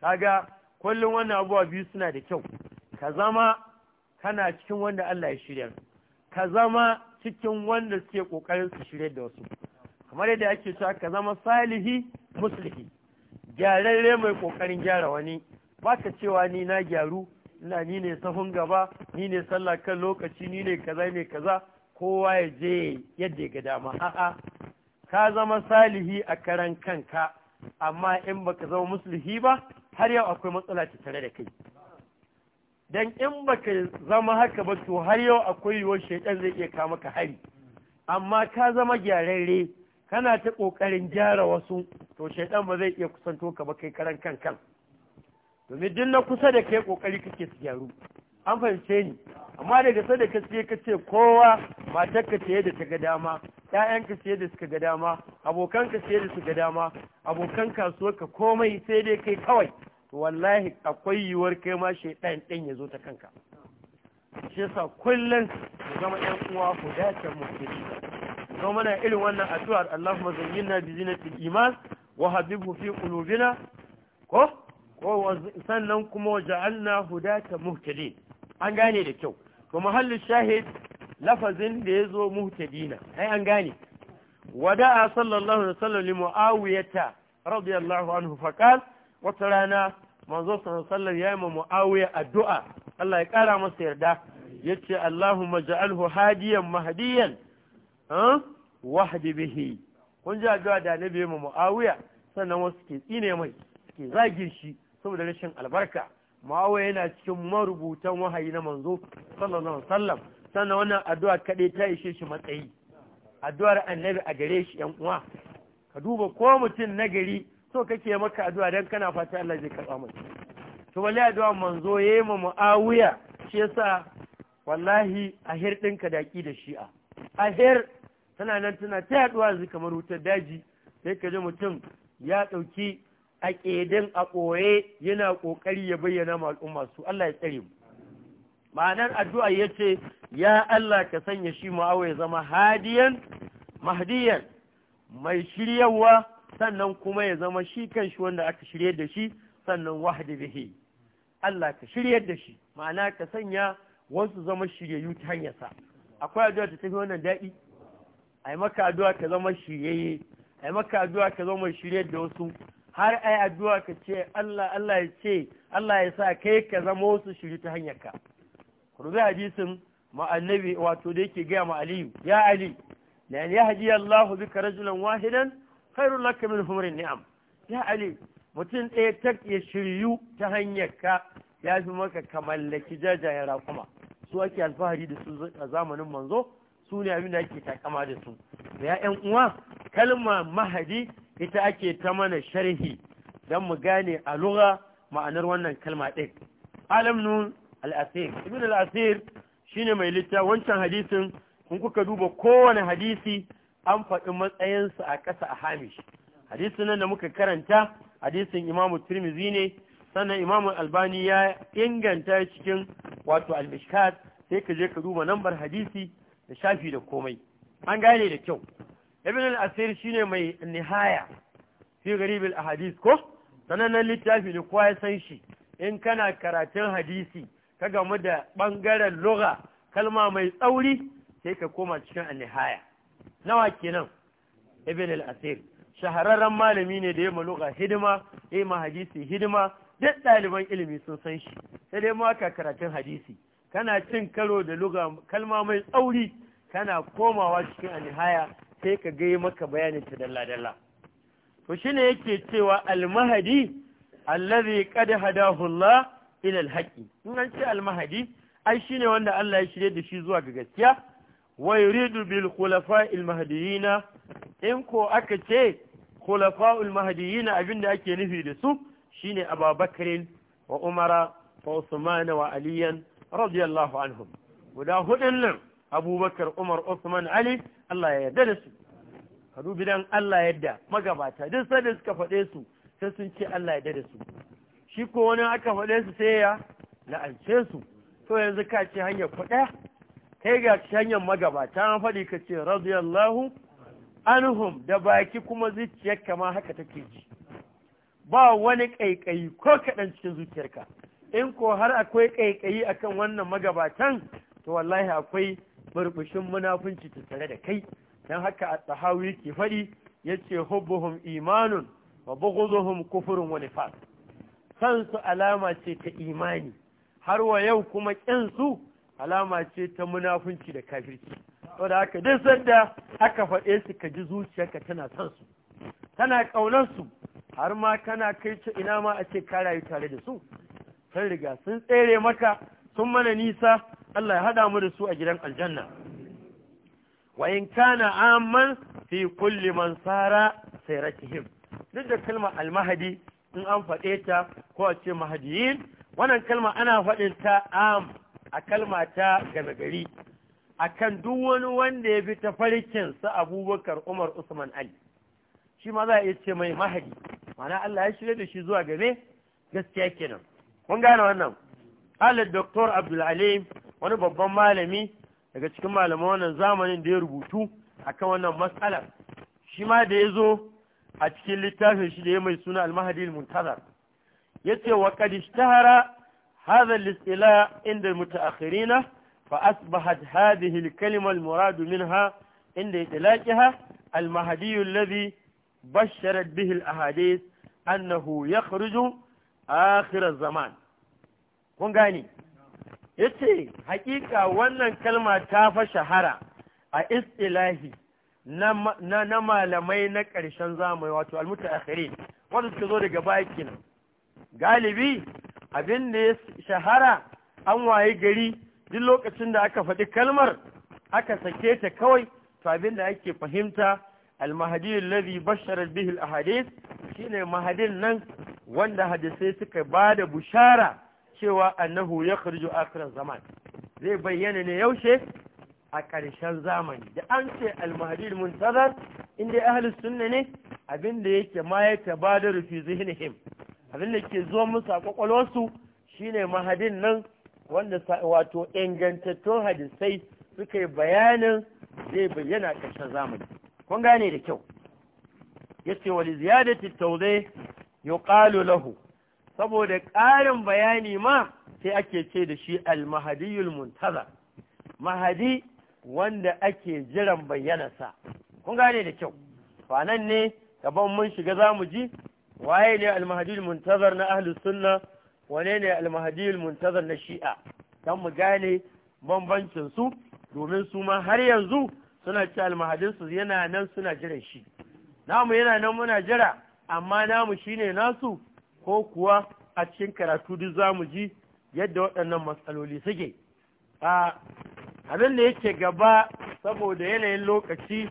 kaga kullum wannan abubuwa biyu suna da kyau ka zama kana cikin wanda Allah ya shiryar ka zama cikin wanda suke kokarin su shiryar da wasu kamar yadda ake cewa ka zama salihi muslimi gyararre mai ƙoƙarin gyara wani ba ka cewa ni na gyaru ina ni ne sahun gaba ni ne sallah kan lokaci ni ne kaza ne kaza kowa ya je yadda ga dama a'a ka zama salihi a karan kanka amma in baka zama musulhi ba har yau akwai matsala ta tare da kai dan in baka zama haka ba to har yau akwai yiwuwar shaitan zai iya kama ka hari amma ka zama gyararre kana ta kokarin gyara wasu to shaidan ba zai iya kusanto ka ba kai karan kankan kan domin duk kusa da kai kokari kake su gyaru an fahimce ni amma daga sada ka sai ka ce kowa matar ka ce da ta ga dama ƴaƴan ka ce da suka ga dama abokan ka ce da su ga dama abokan kasuwar ka komai sai dai kai kawai to wallahi akwai yiwuwar kai ma shaidan din ya zo ta kanka shi yasa kullum zama ƴan uwa ku dace mu da zama na irin wannan addu'ar Allahumma zayyinna bi zinatil iman wa habibhu fi qulubina ko sannan kuma waja'alna hudata muhtadin an gane da kyau to mahallin shahid lafazin da ya zo muhtadina ai an gane wada'a sallallahu alaihi wasallam li muawiyata radiyallahu anhu faqal wata rana manzo sallallahu alaihi ya yi muawiya addu'a Allah ya kara masa yarda yace Allahumma ja'alhu hadiyan mahdiyan ha wahdi bihi kun ji addu'a da annabi mu muawiya sannan wasu ke tsine mai ke zagin shi saboda rashin albarka muawiya yana cikin marubutan wahayi na manzo sallallahu alaihi wasallam sannan wannan addu'a kaɗai ta ishe shi matsayi addu'ar annabi a gare shi ‘yan uwa, ka duba ko mutum na gari so kake maka addu'a dan kana fata Allah zai karba mai. To, wallahi addu'a manzo ya yi ma mu'awiya shi yasa wallahi a hirɗinka daƙi da shi'a, a hir tana nan tana ta yaduwa zai kamar wutar daji sai ka ji mutum ya ɗauki a ƙedin a ɓoye yana ƙoƙari ya bayyana ma al'umma su Allah ya tsare mu ma'anar addu'a ya ce ya Allah ka sanya shi ma'awa ya zama hadiyan mahdiyan mai shiryawa sannan kuma ya zama shi kan shi wanda aka shirya da shi sannan wahdi bihi Allah ka shirya da shi ma'ana ka sanya wasu zama shiryayyu ta hanyarsa akwai addu'a ta tafi wannan daɗi ai maka addu'a ka zama shiryayye ai maka addu'a ka zama shirye da wasu har ai addu'a ka ce Allah Allah ya ce Allah ya sa kai ka zama wasu shiri ta hanyar ka rubi hadisin ma annabi wato da yake gaya ma aliyu ya ali la an yahdi Allahu bika rajulan wahidan khairul laka min humrin ni'am ya ali mutum ɗaya ta ya shiryu ta hanyar ka ya fi maka ka mallaki jajayen raƙuma su ake alfahari da su a zamanin manzo su ne abin da ake takama da su ya 'yan uwa kalma mahadi ita ake ta mana sharhi don mu gane a lura ma'anar wannan kalma ɗin alam nun al'asir ibn al'asir ne mai litta wancan hadisin kun kuka duba kowane hadisi an faɗi matsayinsa a ƙasa a hamish hadisin nan da muka karanta hadisin imamu tirmizi ne sannan imamu albani ya inganta cikin wato al sai ka je ka duba lambar hadisi da shafi da komai an gane da kyau ibn al-asir shine mai nihaya fi garib al-ahadith ko sanannen littafi ne kowa ya san shi in kana karatun hadisi ka gamu da bangaren lugha kalma mai tsauri sai ka koma cikin al-nihaya nawa kenan ibn al-asir shahararren malami ne da ya lugha hidima ya ma hadisi hidima duk ɗaliban ilimi sun san shi sai dai ma ka karatun hadisi kana cin karo da luga kalma mai tsauri kana komawa cikin anihaya sai ka gai maka bayanin ta dalla-dalla to shine yake cewa almahadi allazi qad hadahu Allah ila alhaqi in an ce almahadi ai shine wanda Allah ya shirye da shi zuwa ga gaskiya wa yuridu bil khulafa'il mahdiyina in ko aka ce khulafa'ul mahdiyina abinda ake nufi da su shine Abubakar wa Umara wa Usman wa Aliyan radiyallahu anhu guda hudun nan abubakar umar osman ali Allah ya yarda da su ka dubi dan Allah yadda magabata duk sanda suka faɗe su sai sun ce Allah ya yarda da su shi ko wani aka faɗe su sai ya la'ance su to yanzu ka ce hanyar kuɗa kai ga hanyar magabata an faɗi ka ce radiyallahu anhum da baki kuma zuciyar kama haka take ji ba wani ƙaiƙayi ko kaɗan cikin zuciyarka in ko har akwai ƙaiƙayi akan wannan magabatan to wallahi akwai burbushin munafunci tattare da kai dan haka a tsahawi ke faɗi ya ce hubbuhum imanun wa bughdhuhum kufurun wa nifaq san su alama ce ta imani har wa yau kuma ƙin su alama ce ta munafunci da kafirci saboda haka duk sanda aka faɗe su ka ji zuciyarka tana son su tana ƙaunar su har ma kana kai ce ina ma a ce ka rayu tare da su sun riga sun tsere maka sun mana nisa Allah ya haɗa mu da su a gidan aljanna wa in kana amman fi kulli man sara sayratihim duk da kalmar almahadi in an faɗe ta ko a ce mahadiyin wannan kalma ana faɗin ta am a kalma ta game gari akan duk wani wanda ya bi ta farkin sa abubakar umar usman ali shi ma za a iya ce mai mahadi mana Allah ya shirya da shi zuwa game gaskiya kenan kun gane wannan alid doktor abdulalim wani babban malami daga cikin malaman wannan zamanin da ya rubutu akan wannan matsalar shi ma da ya zo a cikin littafin shi da ya mai suna almahadi muntazar ya ce wa qad ishtahara hadha inda al fa asbahat hadhihi al-kalima al-murad minha inda itlaqiha al-mahdi alladhi basharat bihi al-ahadith annahu yakhruju akhirar zaman kun gani? yace hakika wannan kalma ta fa shahara a istilahi na na malamai na ƙarshen zamani wato almutaakhirin wanda suka zo daga baya galibi abin da ya shahara an waye gari duk lokacin da aka faɗi kalmar aka sake ta kawai to abin da ake fahimta al-mahdi alladhi basharat a hadis shine mahadin nan wanda hadisai suka bada bushara cewa annahu yakhruju akhir zaman zai bayyana ne yaushe a ƙarshen zamani da an ce al-mahdi muntazar inda ahlus sunna ne abinda yake ma ya rufi fi him abinda ke zo musu a kwakwalwarsu shine mahadin nan wanda ingantattun hadisai suka yi bayanin zai bayyana ƙarshen zamani kun gane da kyau yace wali ziyadati ya kalu lahu saboda ƙarin bayani ma sai ake ce da shi al-mahdiyul mahadi wanda ake jiran bayyanarsa kun gane da kyau fanan ne gaban mun shiga zamu ji waye ne al muntazar na ahlus sunna wane ne al muntazar na shi'a dan mu gane bambancin su domin su ma har yanzu suna ci almahadinsu yana nan suna jira shi namu yana nan muna jira amma namu shine nasu ko kuwa a cikin karatu duk zamu ji yadda waɗannan matsaloli suke a abin da yake gaba saboda yanayin lokaci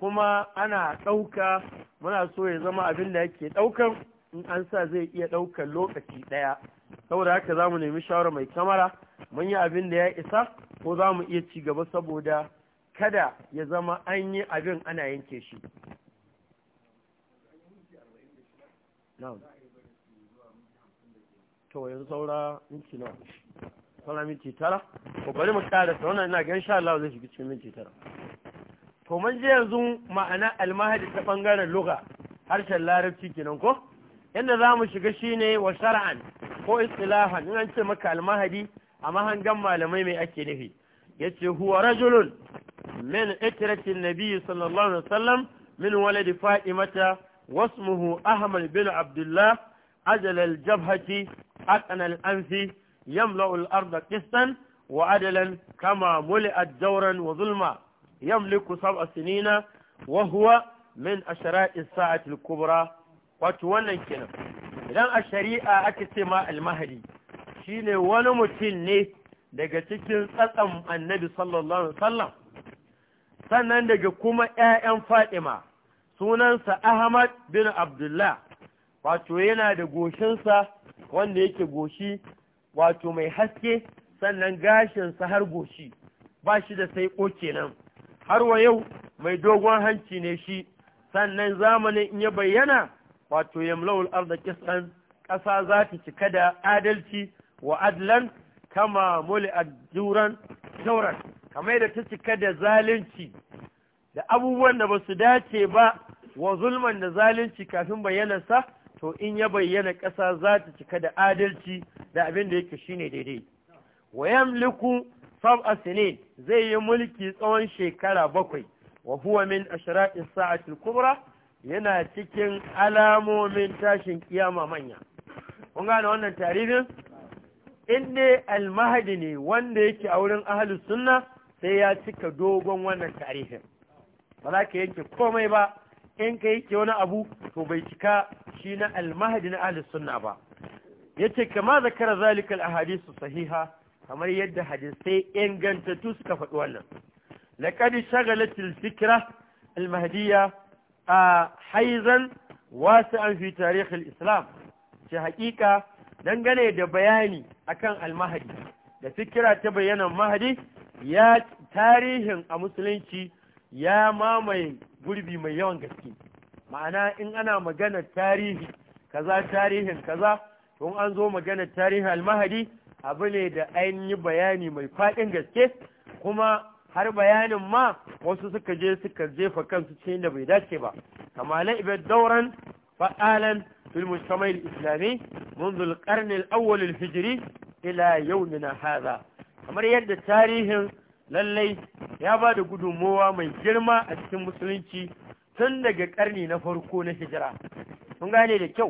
kuma ana ɗauka muna so ya zama abin da yake ɗaukan in an sa zai iya ɗaukan lokaci ɗaya saboda haka za mu nemi shawara mai kamara mun yi abin da ya isa ko za mu iya ci gaba saboda kada ya zama an yi abin ana yanke shi to yanzu saura minti nawa saura minti tara ko bari mu kara da wannan ina gan sha Allah zai shiga cikin minti tara to mun je yanzu ma'ana almahadi ta bangaren lugha harshen larabci kenan ko inda za mu shiga shine wa shar'an ko istilahan in an ce maka almahadi a mahangan malamai mai ake nufi yace huwa rajulun من إترة النبي صلى الله عليه وسلم من ولد فائمة واسمه أحمد بن عبد الله عدل الجبهة أتنى الأنف يملأ الأرض قسطا وعدلا كما ملئت جورا وظلما يملك سبع سنين وهو من أشراء الساعة الكبرى وتوانا كنا إذن الشريعة أكتما المهدي شيني ونمتين daga cikin النبي صلى الله عليه وسلم sannan daga kuma ‘ya'yan Fatima sunansa Ahmad bin Abdullah wato yana da goshinsa wanda yake goshi wato mai haske sannan gashinsa har goshi ba shi da sai kenan har wa yau mai dogon hanci ne shi sannan zamanin in ya bayyana wato yamlawul arda kisan ƙasa za ta cika da adalci wa adlan kama muli a shauran kamar da ta cika da zalunci da abubuwan da ba su dace ba wa zulman da zalunci kafin bayyana sa to in ya bayyana ƙasa za ta cika da adalci da abin da yake shine daidai wa yamliku sab'a sinin zai yi mulki tsawon shekara bakwai wa huwa min sa'ati al kubra yana cikin alamomin tashin kiyama manya kun gane wannan tarihin in dai almahadi ne wanda yake a wurin ahlus sunna sai ya cika dogon wannan tarihin ba za ka yanke komai ba in ka yanke wani abu to bai cika shi na almahadi na ahli sunna ba yace kama zakara zalikal ahadisu sahiha kamar yadda hadisai ingantattu suka faɗi wannan laqad shagalatil al-fikra al a haizan wasi'an fi tarikh islam ce haƙiƙa dangane da bayani akan al-mahdi da fikira ta bayyana mahadi ya tarihin a musulunci ya mamaye gurbi mai yawan gaske ma'ana in ana maganar tarihi kaza tarihin kaza tun an zo maganar tarihin almahadi abu ne da an yi bayani mai faɗin gaske kuma har bayanin ma wasu suka je suka jefa kansu cikin da bai dace ba kama ibad dauran fa'alan fil mujtama islami منذ القرن الاول الهجري الى يومنا هذا kamar yadda tarihin lallai ya ba da gudunmowa mai girma a cikin musulunci tun daga karni na farko na hijira mun gane da kyau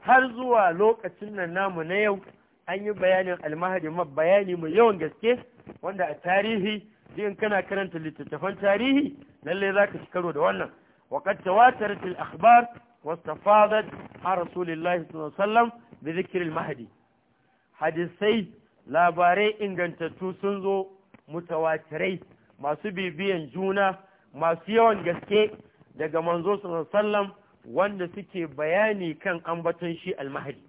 har zuwa lokacin nan namu na yau an yi bayanin almahadi ma bayani mai yawan gaske wanda a tarihi in kana karanta littattafan tarihi lallai za ka karo da wannan وقد تواترت akhbar واستفاضت عن رسول الله صلى الله mahdi hadisai. labarai ingantattu sun zo mutawatirai masu bibiyan juna masu yawan gaske daga manzo sallam wanda suke bayani kan ambaton shi almahdi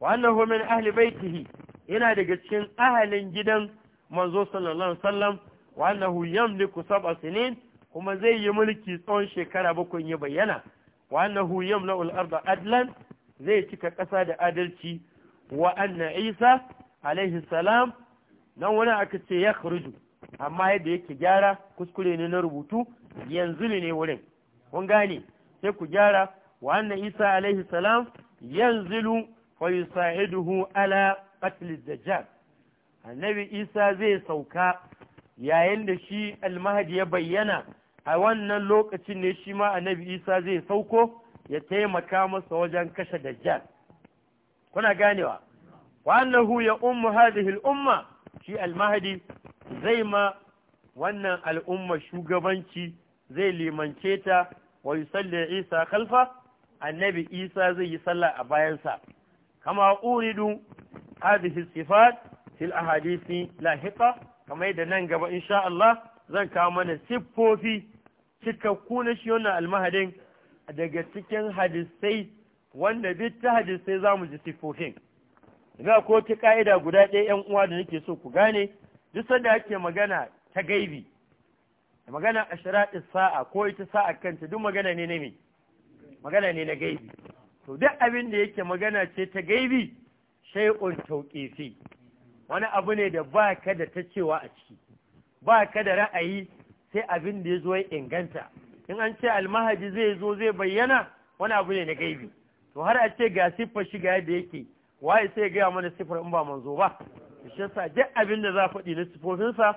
wa annahu min ahli baitihi yana daga cikin ahalin gidan manzo sallallahu sallam wa annahu yamliku sab'a sinin kuma zai yi mulki tsawon shekara bakwai ya bayyana wa annahu yamla'u al-ardha adlan zai cika ƙasa da adalci wa anna isa alaihi salam nan wani aka ce ya khuruju amma yadda yake gyara kuskure ne na rubutu yanzu ne wurin kun gane sai ku gyara wa anna isa alaihi salam yanzilu fa yusaiduhu ala qatl dajjal annabi isa zai sauka yayin da shi almahdi ya bayyana a wannan lokacin ne shi ma annabi isa zai sauko ya taimaka masa wajen kashe dajjal kuna ganewa وأنه يؤم هذه الأمة شيء المهدي زي ما wannan al'umma shugabanci zai limance ta wa yi isa kalfa annabi isa zai yi sallah a bayansa kama uridu hadhihi sifat fil ahadisi lahiqa kamar da nan gaba insha Allah zan kawo mana siffofi cikakku na shi wannan almahadin daga cikin hadisai wanda duk ta hadisai zamu ji siffofin ga ko ta ka'ida guda ɗaya yan uwa da nake so ku gane duk sanda ake magana ta gaibi magana a sharaɗin sa'a ko ita sa'a kanta duk magana ne na me magana ne na gaibi to duk abin da yake magana ce ta gaibi shai'un tauqifi wani abu ne da ba ka da ta cewa a ciki ba ka da ra'ayi sai abin da ya zo ya inganta in an ce almahadi zai zo zai bayyana wani abu ne na gaibi to har a ce ga siffar shiga yadda yake waye sai gaya mana sifar in ba manzo ba shi yasa duk abin da za faɗi na sifofinsa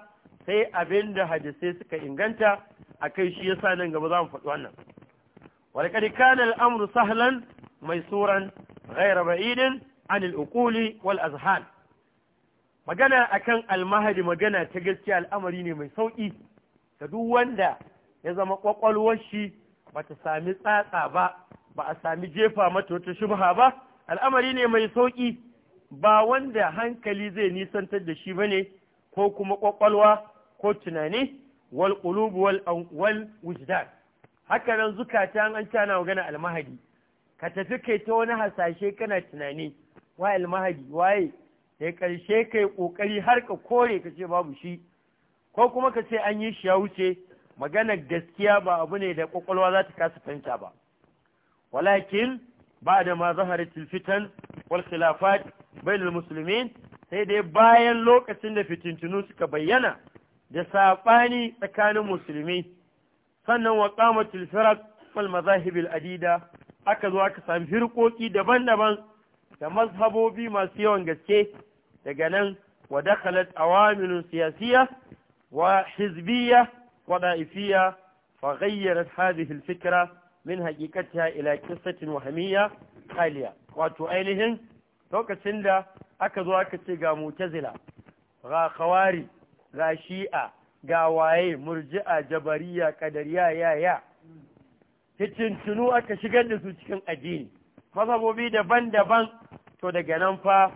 sai abin da hadisai suka inganta akai shi yasa nan gaba za mu faɗi wannan walƙad kana al'amru sahlan maisuran ghayra ba'idin an al'uquli wal azhan magana akan almahadi magana ta gaskiya al'amari ne mai sauƙi ga duk wanda ya zama kwakwalwar shi ba ta sami tsatsa ba ba a sami jefa mata wata shubha ba al'amari ne mai sauƙi ba wanda hankali zai nisantar da shi bane ko kuma ƙwaƙwalwa ko tunani wal qulubu wal wal wujdan haka nan zukata an tana magana almahadi ka tafi kai ta wani hasashe kana tunani wa almahadi waye kai karshe kai ƙoƙari har ka kore ka ce babu shi ko kuma ka ce an yi shi ya wuce maganar gaskiya ba abu ne da ƙwaƙwalwa za ta kasa fahimta ba walakin بعد ما ظهرت الفتن والخلافات بين المسلمين sai dai bayan lokacin da fitintunu suka bayyana da saɓani tsakanin musulmi sannan wa qamatul firaq wal mazahibil adida aka zo aka sami firƙoƙi daban-daban da mazhabobi masu yawan gaske daga nan wa dakhalat awamilun siyasiyya wa hizbiyya wa da'ifiyya fa ghayyarat hadhihi al min haƙiƙatiya ila kisatin wahamiyya kaliya wato ainihin lokacin da aka zo aka ce ga mutazila ga khawari ga shi'a ga waye murji'a jabariya kadariya ya ya hitintunu aka shigar da su cikin addini mazhabobi daban-daban to daga nan fa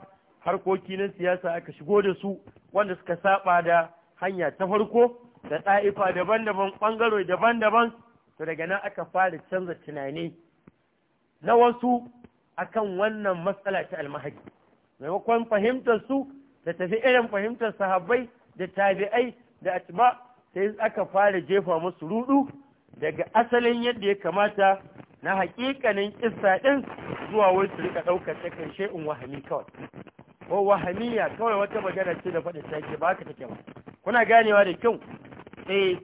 harkoki na siyasa aka shigo da su wanda suka saba da hanya ta farko da ɗa'ifa daban-daban ɓangare daban-daban to daga nan aka fara canza tunani na wasu akan wannan matsala ta almahadi maimakon fahimtar su da tafi irin fahimtar sahabbai da tabi'ai da atba sai aka fara jefa musu rudu daga asalin yadda ya kamata na hakikanin kissa din zuwa wai su rika daukar ta kan shay'un wahami kawai ko wahamiya kawai wata magana ce da faɗi ta ke ba haka take ba kuna ganewa da kyau eh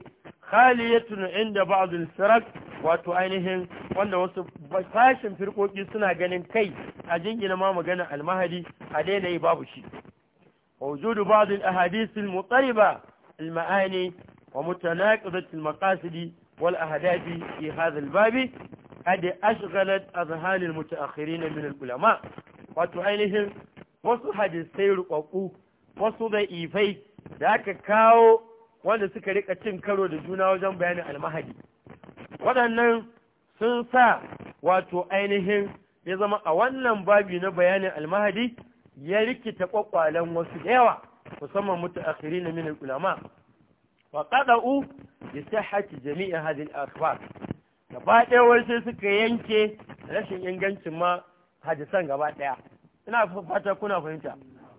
khaliyatun inda ba'd al-firaq wato ainihin wanda wasu fashin firkoki suna ganin kai a jingina ma magana al-mahdi a daina yi babu shi wujudu ba'd al-ahadith al-mutariba al-ma'ani wa mutanaqidat al-maqasid wal ahdath fi hadha al-bab qad ashghalat azhan al-mutaakhirin min al-ulama wato ainihin wasu hadisai ruƙaƙu wasu da ifai da aka kawo wanda suka rika cin karo da juna wajen bayanin almahadi waɗannan sun sa wato ainihin ya zama a wannan babi na bayanin almahadi ya rikita kwakwalen wasu da yawa musamman mutu kiri na minin ulama wa ƙaɗa'u da sahati jami'a hadin akhbar gaba ɗaya sai suka yanke rashin ingancin ma hadisan gaba ɗaya ina fata kuna fahimta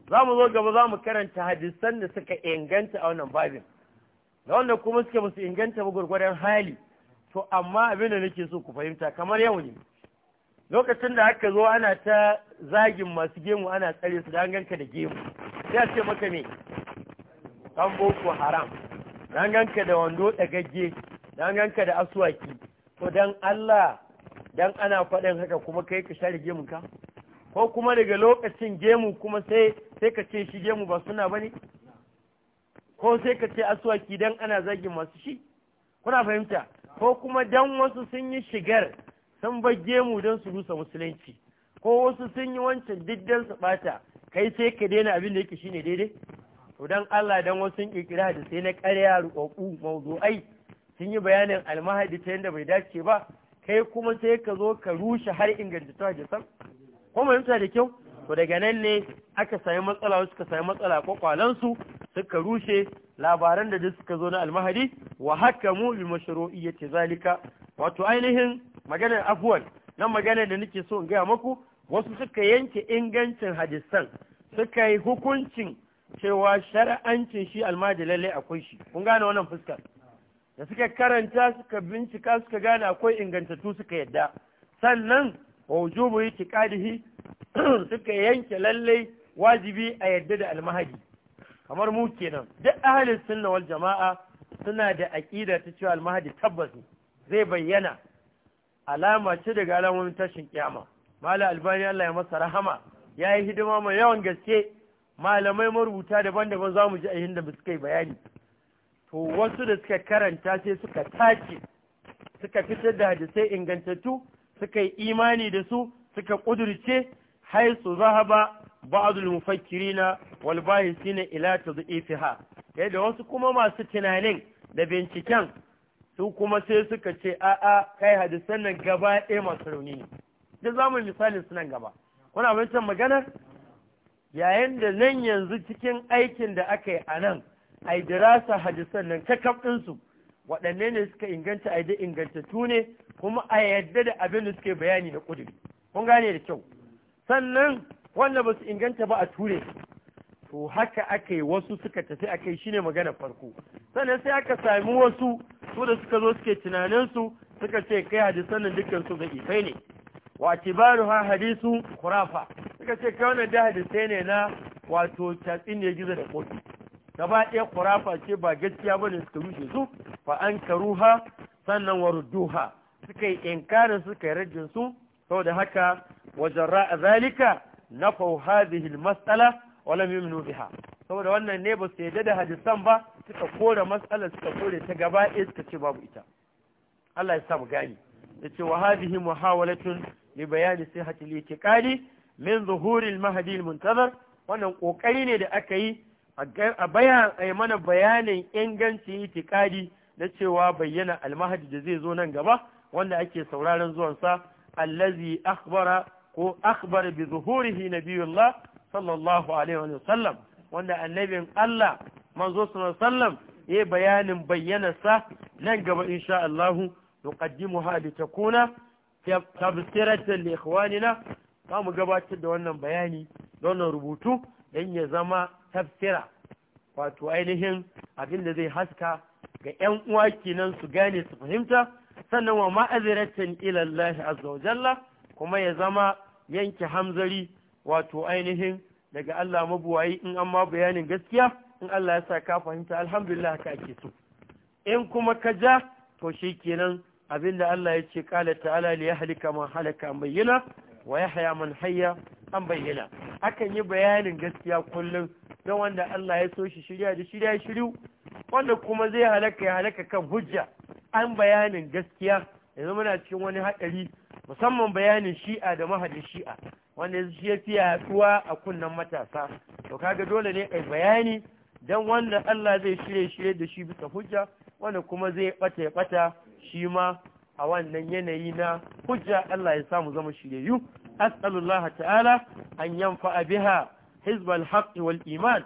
za mu zo gaba za mu karanta hadisan da suka inganta a wannan babin da wanda kuma suke ba inganta ba hali to amma abin da nake so ku fahimta kamar yau ne lokacin da aka zo ana ta zagin masu gemu ana tsare su da ganka da gemu sai a ce maka me kan boko haram da ganka da wando dagagge da ganka da asuwaki to dan Allah dan ana faɗin haka kuma kai ka share gemun ka ko kuma daga lokacin gemu kuma sai sai ka ce shi gemu ba suna bane ko sai ka ce aswaki dan ana zagin masu shi kuna fahimta ko kuma dan wasu sun yi shigar sun bage mu don su rusa musulunci ko wasu sun yi wancan diddan su bata kai sai ka daina abin da yake shine daidai to dan Allah dan wasu sun kirkira da sai na ƙarya ruƙaƙu mawdu'ai sun yi bayanin almahadi ta yanda bai dace ba kai kuma sai ka zo ka rushe har ingantattun hadisan ko fahimta da kyau to daga nan ne aka sami matsala wasu ka sami matsala kwakwalansu suka rushe labaran da duk suka zo na almahadi wa hakamu bi mashru'iyyati zalika wato ainihin maganar afwan nan maganar da nake so in gaya muku wasu suka yanke ingancin hadisan suka yi hukuncin cewa shar'ancin shi almahadi lalle akwai shi kun gane wannan fuskar da suka karanta suka bincika suka gane akwai ingantattu suka yadda sannan wa wujubu yake suka yanke lalle wajibi a yadda da almahadi kamar mu kenan duk ahalin sunna wal jama'a suna da aƙida ta cewa almahadi tabbas zai bayyana alama ce daga alamomin tashin kiyama mala albani Allah ya masa rahama ya yi hidima mai yawan gaske malamai marubuta daban-daban za mu ji ayin da suka yi bayani to wasu da suka karanta sai suka tace suka fitar da hadisai ingantattu suka yi imani da su suka ƙudurce hai su zahaba بعض المفكرين والباحثين الى تضعيفها tadhifiha yadda wasu kuma masu tunanin da binciken su kuma sai suka ce a'a kai hadisan nan gaba ɗaya masu rauni ne duk zamu misalin sunan gaba kuna wancan magana yayin da nan yanzu cikin aikin da aka yi a nan a dirasa hadisan nan kakaf ɗinsu waɗanne ne suka inganta a yi ingantattu ne kuma a yadda da abin da suke bayani na kudi kun gane da kyau sannan wanda ba su inganta ba a ture to haka aka yi wasu suka tafi aka yi shine magana farko sannan sai aka sami wasu su da suka zo suke tunaninsu suka ce kai hadisan nan dukkan su kai ne wa tibaru ha hadisu khurafa suka ce kai wannan da hadisai ne na wato tatsin ne gizo da kofi gaba ɗaya khurafa ce ba gaskiya bane suka rushe su fa an karuha sannan wa rudduha suka yi inkarin suka yi rajin su saboda haka wajen ra'a zalika nafau hadhihi matsala wa lam yu'minu biha saboda wannan ne ba su yadda da hadisan ba suka kore mas'ala suka kore ta gaba ɗaya suka ce babu ita Allah ya sa mu gani yace wa hadhihi muhawalatun li bayani sihhati al-i'tiqadi min zuhuri al-mahdi al-muntazar wannan kokari ne da aka yi a bayan a mana bayanin ingancin itikadi na cewa bayyana al almahadi da zai zo nan gaba wanda ake sauraron zuwansa allazi akhbara ko akbar bi zuhurihi nabiyullah sallallahu alaihi wa sallam wanda annabin Allah manzo sallallahu sallam ya bayanin bayyanarsa nan gaba insha Allah nuqaddimuha li takuna tabsiratan li ikhwanina za mu gabatar da wannan bayani da wannan rubutu Dan ya zama tafsira wato ainihin abin da zai haska ga 'yan uwa kenan su gane su fahimta sannan wa ma'aziratan ilallahi azza wa jalla kuma ya zama yanke hamzari wato ainihin daga Allah mabuwayi in an bayanin gaskiya in Allah ya sa ka fahimta alhamdulillah haka ake so in kuma ka ja to shikenan abinda Allah ya ce qala ta'ala li yahlika man halaka an bayyana wa yahya man hayya an bayyana akan yi bayanin gaskiya kullum don wanda Allah ya so shi shirya da shirya shiru wanda kuma zai halaka ya halaka kan hujja an bayanin gaskiya yanzu muna cikin wani haɗari musamman bayanin shi'a da mahadin shi'a wanda yanzu shi ya fi yaduwa a kunnen matasa to kaga dole ne ai bayani dan wanda Allah zai shirye shirye da shi bisa hujja wanda kuma zai bata ya bata shi ma a wannan yanayi na hujja Allah ya samu zama shiryayyu as'alullah ta'ala an yanfa'a biha hizbal haqq wal iman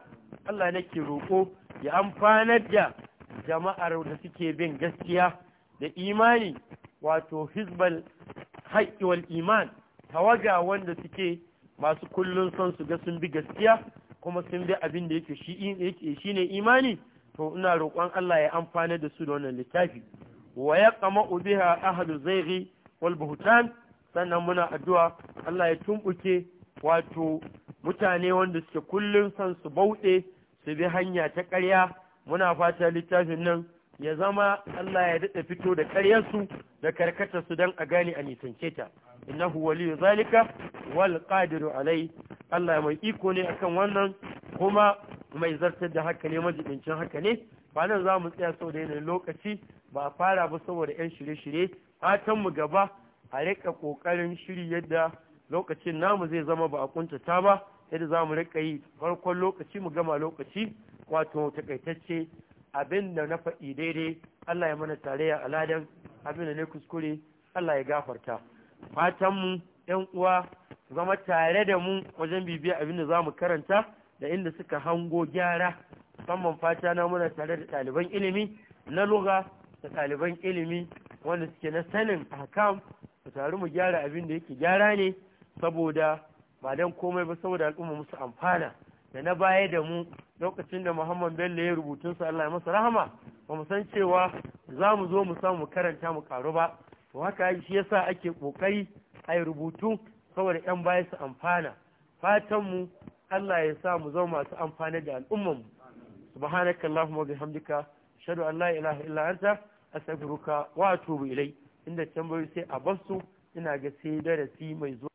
Allah nake roko ya amfana da jama'ar da suke bin gaskiya da imani wato hizbal haƙƙi wal iman tawaga wanda suke masu kullun son su ga sun bi gaskiya kuma sun bi abin da yake shi ne imani to ina roƙon Allah ya amfana da su da wannan littafi wa ya kama ubiha ahadu zairi wal buhutan sannan muna addu'a Allah ya tumbuke wato mutane wanda suke kullun son su bauɗe su bi hanya ta ƙarya muna fata littafin nan ya zama Allah ya daɗa fito da ƙaryarsu da karkatarsu don a gane a nisance ta huwa liyu zalika wal qadiru alai Allah mai iko ne akan wannan kuma mai zartar da haka ne majibincin haka ne ba nan za mu tsaya sau da yanayin lokaci ba a fara ba saboda 'yan shirye-shirye fatan mu gaba a rika ƙoƙarin shiri yadda lokacin namu zai zama ba a kuntata ba yadda za mu rika yi farkon lokaci mu gama lokaci wato takaitacce abin da na faɗi daidai Allah ya mana tarayya a ladan abin da ne kuskure Allah ya gafarta fatanmu ‘yan uwa zama tare da mu wajen bibiya abin da za mu karanta da inda suka hango gyara musamman fata na muna tare da ɗaliban ilimi na luga da ɗaliban ilimi wanda suke na sanin hakam su tare mu gyara abin da yake gyara ne saboda ba don komai ba saboda al'umma musu amfana da na baya da mu lokacin da Muhammad Bello ya rubutun sa Allah ya masa rahama ba mu san cewa za mu zo mu samu mu karanta mu karu ba to haka shi yasa ake kokari a rubutu saboda yan baya su amfana fatan mu Allah ya sa mu zama masu amfana da al'umman mu subhanakallahumma wa bihamdika ashhadu an la ilaha illa anta astaghfiruka wa atubu ilai inda tambayoyi sai a basu ina ga sai darasi mai zuwa